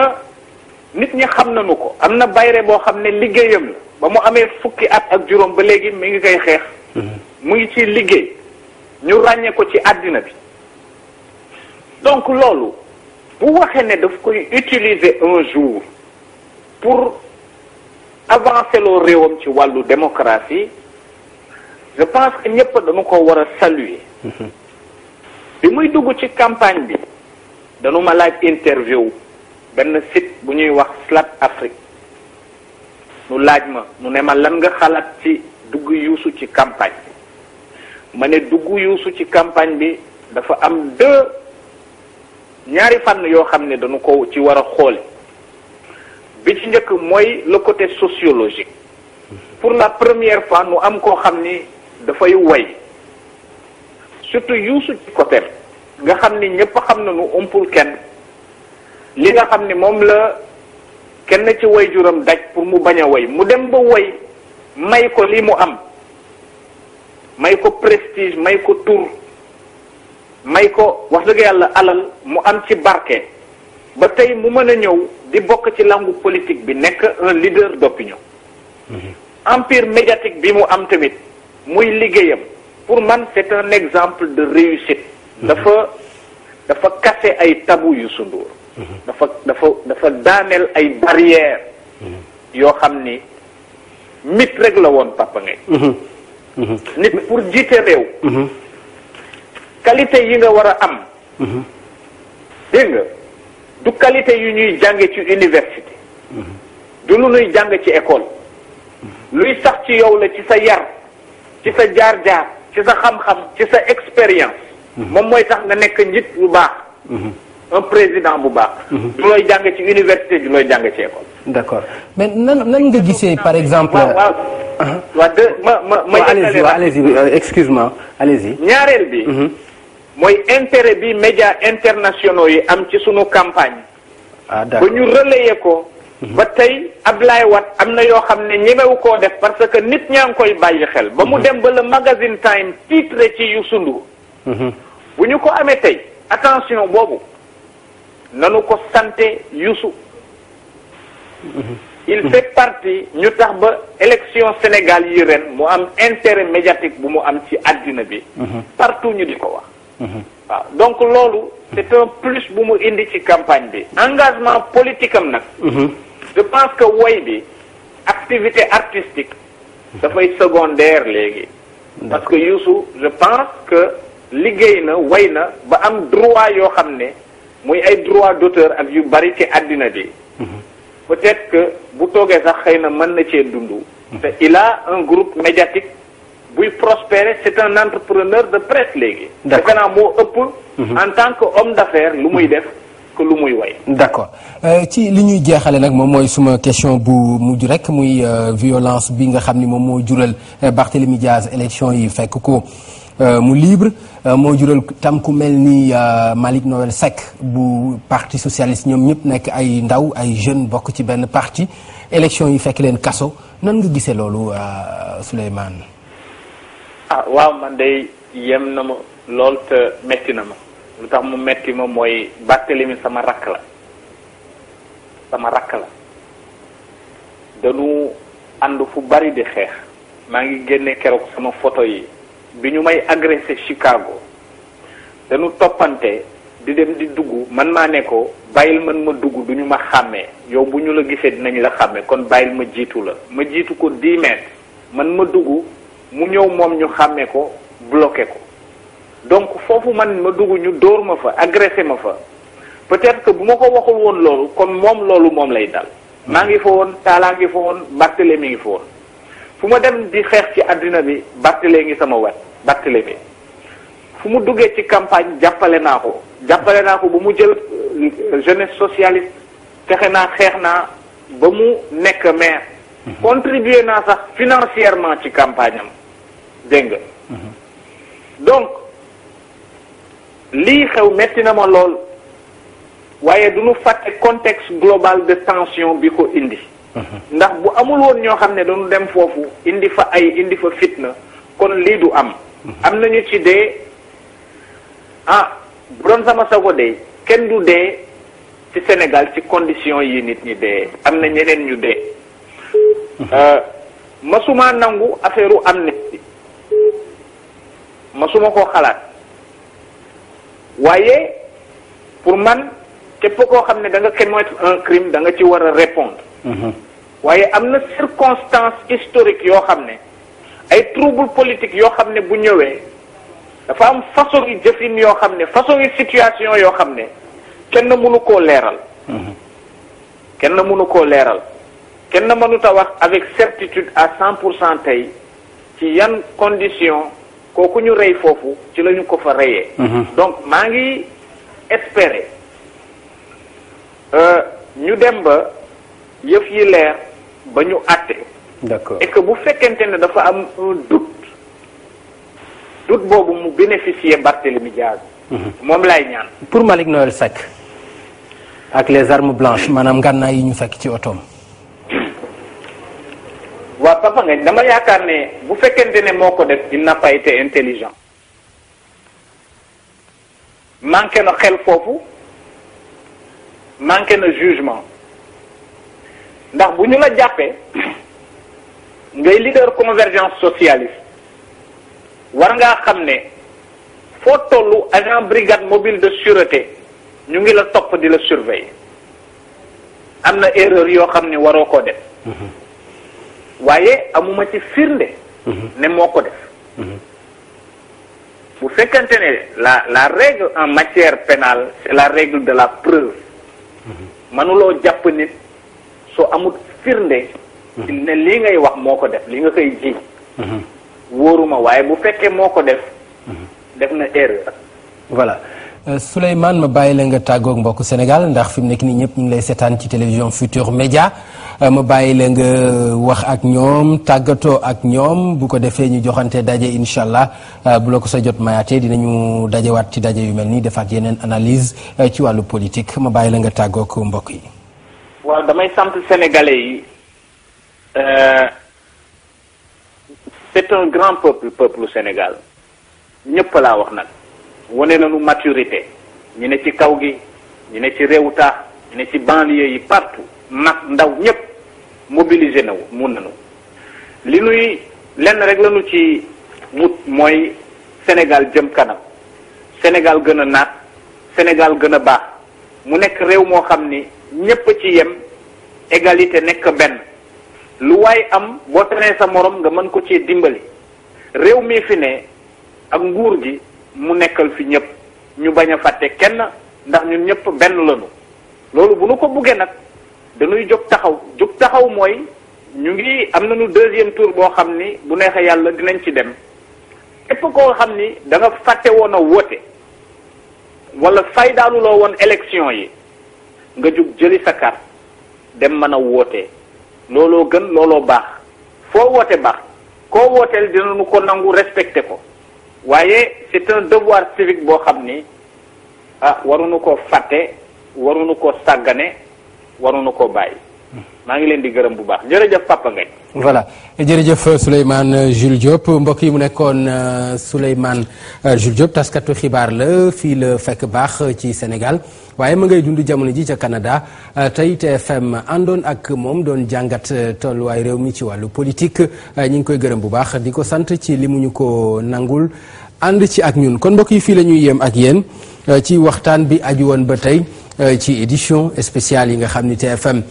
nit ñi xam nañu ko am na bayre boo xam ne liggéeyam la ba mu amee fukki at ak juróom ba léegi mi ngi kay xeex mhm. mu ngi ci liggéey ñu ràññee ko ci àddina bi donc loolu bu waxee ne daf koy utiliser un jour pour avancer loo réewam ci wàllu démocratie je pense que ñëpp dañu ko war a saluer. Mhm. bi muy dugg ci campagne bi danu ma laaj interview benn site bu ñuy wax Slat Afrique nu laaj ma mu ne ma lan nga xalaat ci dugg yuusu ci campagne bi ma ne dugg yuusu ci campagne bi dafa am deux ñaari fànn yoo xam ne dañu ko ci war a xoole bi ci njëkk mooy le côté sociologique mhm. pour la première fois nu am koo xam ni dafay woy surtout Youssou Kotel nga xam ni ñëpp xam nañu umpul kenn li nga xam ni moom la kenn ci woy juram daj pour mu bañ a woy mu dem ba woy may ko li mu am may ko prestige may ko tur may ko wax dëgg yàlla alal mu am ci barke ba tey mu mën a ñëw di bokk ci langue politique bi nekk un leader d'opinion mhm. empire médiatique bi mu am tamit muy liggéeyam pour man c'est un exemple de réussit mhm. dafa dafa kase ay tabu yu sunduur dafa dafa daaneel ay barrières mhm. yoo xam ni nit rek la woon Papa Ngagne mhm. nit pour jiite réew qualité yi nga war a am dégg du qualité yu ñuy jànge ci université du lu ñuy jàng ci école luy sax ci yow la ci sa yar ci sa jaar-jaar ci sa xam-xam ci sa expérience mhm. moom mooy tax nga nekk njit bu baax mhm. un président bu baax mhm. du looy jàng ci université du looy jàng ci école d'accord mais nan nan nga gisee par exemple waaw waaw uh-huh. de ma ma ma allez-y allez-y euh, excuse-moi allez ñaareel bi mooy intérêt bi médias internationaux yi am ci sunu campagne ah d'accord ba ñu relayer ko ba tey Ablaye Wade am na yoo xam ne ñemewu koo def parce que nit ñaa ngi koy bàyyi xel. ba mu mhm. dem ba le magazine Time titre ci Youssou Ndour. Mhm. bu ñu ko amee tey attention boobu nanu ko santé Youssou. Mhm. il fait partie ñu tax ba élection Sénégal yi ren mu am intérêt médiatique bu mu am ci addina bi. partout ñu di ko wax. waaw donc loolu. c'est un plus bu mu indi ci campagne bi. engagement politique am nag. je pense que woy bi activité artistique dafay secondaire léegi parce que Youssou je pense que liggéey na woy na ba am droit yoo xam ne muy ay droit d'auteur ak yu bari ci addina bi mhm. peut-être que bu toogee sax xëy na man na cee dund mhm. te il a un groupe médiatique buy prospérer c'est un entrepreneur de près léegi defe naa moo ëpp mhm. en tant que homme d'affaires lu muy def que lu muy way d'accord euh, ci li ñuy jeexale nag moom mooy suma question bu mujj rek muy euh, violence bi nga xam ni moom moo jural euh, Barthélemy Diaz élection yi fekk ko mu libre moo jural tam ku mel ni Malick Noël Seck bu parti socialiste ñoom ñëpp nekk ay ndaw ay jeunes bokk ci benn parti élection yi fekk leen kaso nan nga gisee loolu Souleymane ah waaw man day yem na ma lool te metti ma lu tax mu metti ma mooy Barthélemy sama rakk la sama rakk la dañu ànd fu bari di xeex maa ngi génne keroog sama photo yi bi ñu may agressé Chicago dañu toppante di dem di dugg man maa ne ko bàyyil man ma dugg du ñu ma xàmmee yow bu ñu la gisee dinañ la xàmmee kon bàyyil ma jiitu la ma jiitu ko 10 man ma dugg mu ñëw moom ñu xàmmee ko bloqué ko donc foofu man ma dugg ñu dóor ma fa agressé ma fa peut-être que bu ma ko waxul woon loolu kon moom loolu moom lay dal. maa ngi fa woon Talla ngi fa woon Barthélémy ngi fa woon fu ma dem di xeex ci àddina bi Barthélémy ngi sama wet Barthélémy fu mu duggee ci campagne jàppale naa ko jàppale naa ko ba mu jël euh, jeunesse socialiste fexe naa xeex naa ba mu nekk maire. Mhm. contribuer naa sax financièrement ci campagne am dégg nga mhm. donc. lii xew metti na ma lool waaye du ñu fàtte contexte global de tension bi ko indi. Mhm. ndax bu amul woon ñoo xam ne dañu dem foofu indi fa ay indi fa na kon lii du am. Mhm. am nañu ci dee ah bu doon sama sago dee kenn du dee ci Sénégal ci condition yi nit ñi dee am na ñeneen ñu dee. Mhm. Euh, masuma nangu affaire am nit masuma ko xalaat. waaye pour man képp koo xam ne da nga commettre un crime da nga ci war a répondre mhm. waaye am na circonstance historique yoo xam ne ay trouble politique yoo xam ne bu ñëwee dafa am façon yi jëfin yoo xam ne façon yi situation yoo xam ne kenn mënu koo leeral mhm. kenn mënu koo leeral kenn mënut a wax avec certitude à cent pour cent tey ci yan condition kooku ñu rey foofu ci lañu ñu ko fa reyee. Mhm. donc maa ngi espérer euh, ñu dem ba yëf yi leer ba ñu àtte. d'accord et que bu fekkente ne dafa am un doute boobu mu bénéficier Barthélémy Diaz. Mhm. moom laay ñaan. pour Malick Noël Seck ak les armes blanches maanaam ngànnaay yi ñu fekk ci otoom. waa papa nga dama yaakaar ne bu fekkente ne moo ko def il n'a pas intelligent manqué na xel foofu manqué na jugement ndax bu ñu la jàppee ngay leader convergence socialiste war ngaa xam ne foo tollu agent brigade mobile de sûreté ñu ngi la topp di la surveiller am na erreur yoo xam ni waroo koo def. Mhm. waaye amuma ci firnde. Mhm. ne moo ko def. Mhm. bu fekkente ne la la règle en matière pénale c'est la règle de la preuve. Mhm. manuloo jàpp nit soo amul firnde. ne lii ngay wax moo ko def li nga koy ji. wóoruma waaye bu fekkee moo ko def. def na erreur. voilà. Euh, Souleymane ma bàyyi la nga tàggook mbokku Sénégal ndax fi mu nekk nii ñëpp ñu ngi lay seetaan ci télévision Futur Média euh, ma bàyyi la nga euh, wax ak ñoom tàggatoo ak ñoom bu ko defee ñu joxante daje incha allah bu la ko sa jot mayaatee dinañu dajewaat ci daje yu mel nii defaat yeneen analyse ci wàllu politique ma bàyyi la nga tàggoog mbokk yi. waaw damay sant sénégalais yi. c'est un grand peuple peuple Sénégal ñëpp laa wax nag. wane nañu maturité ñu ne ci kaw gi ñu ne ci réew taax ñu ci banlieue yi partout mag ndaw ñépp mobilisé na mun nañu li nuy lenn rek lañu ci wut mooy Sénégal jëm kanam Sénégal gën a naat Sénégal gën a baax mu nekk réew moo xam ni ñépp ci yem égalité nekk benn lu waay am boo tenee sa morom nga mën ko ci dimbali réew mi fi ne ak nguur gi mu nekkal fi ñëpp ñu bañ a fàtte kenn ndax ñun ñëpp benn lañu loolu bu nu ko buggee nag dañuy jóg taxaw jóg taxaw mooy ñu ngi am na nañu deuxième tour boo xam ni bu neexee yàlla dinañ ci dem épp koo xam ni da nga fàtte woon a woote wala faydaanuloo woon élection yi nga jóg jëli sa carte dem mën a woote looloo gën looloo baax foo woote baax koo wooteel dinañu ko nangu respecté ko waaye c'est un devoir civique boo xam ni ah waruñu ko fàtte waruñu ko sàggane waruñu ko bàyyi maa ngi leen di gërëm bu baax jërëjëf Papa Ngagne voilà jërëjëf Souleymane euh, Jules Diop mbokk yi mu nekkoon euh, Souleymane euh, Jules Diop taskatu xibaar la fii la fekk baax ci Sénégal waaye ma ngay dund jamono ji ca Canada tey euh, TFM àndoon ak moom doon jàngat euh, tolluwaay réew mi ci wàllu politique euh, ñi ngi koy gërëm bu baax di ko sant ci li mu ñu ko nangul ànd ci ak ñun kon mbokk yi fii la ñuy yem ak yéen ci waxtaan bi aju woon ba tey ci édition spéciale yi nga xam ni TFM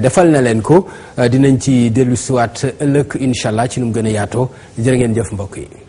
defal na leen ko dinañ ci dellu siwaat ëllëg incha ci nu mu gën a yaatoo jër ngeen jëf mbokk yi.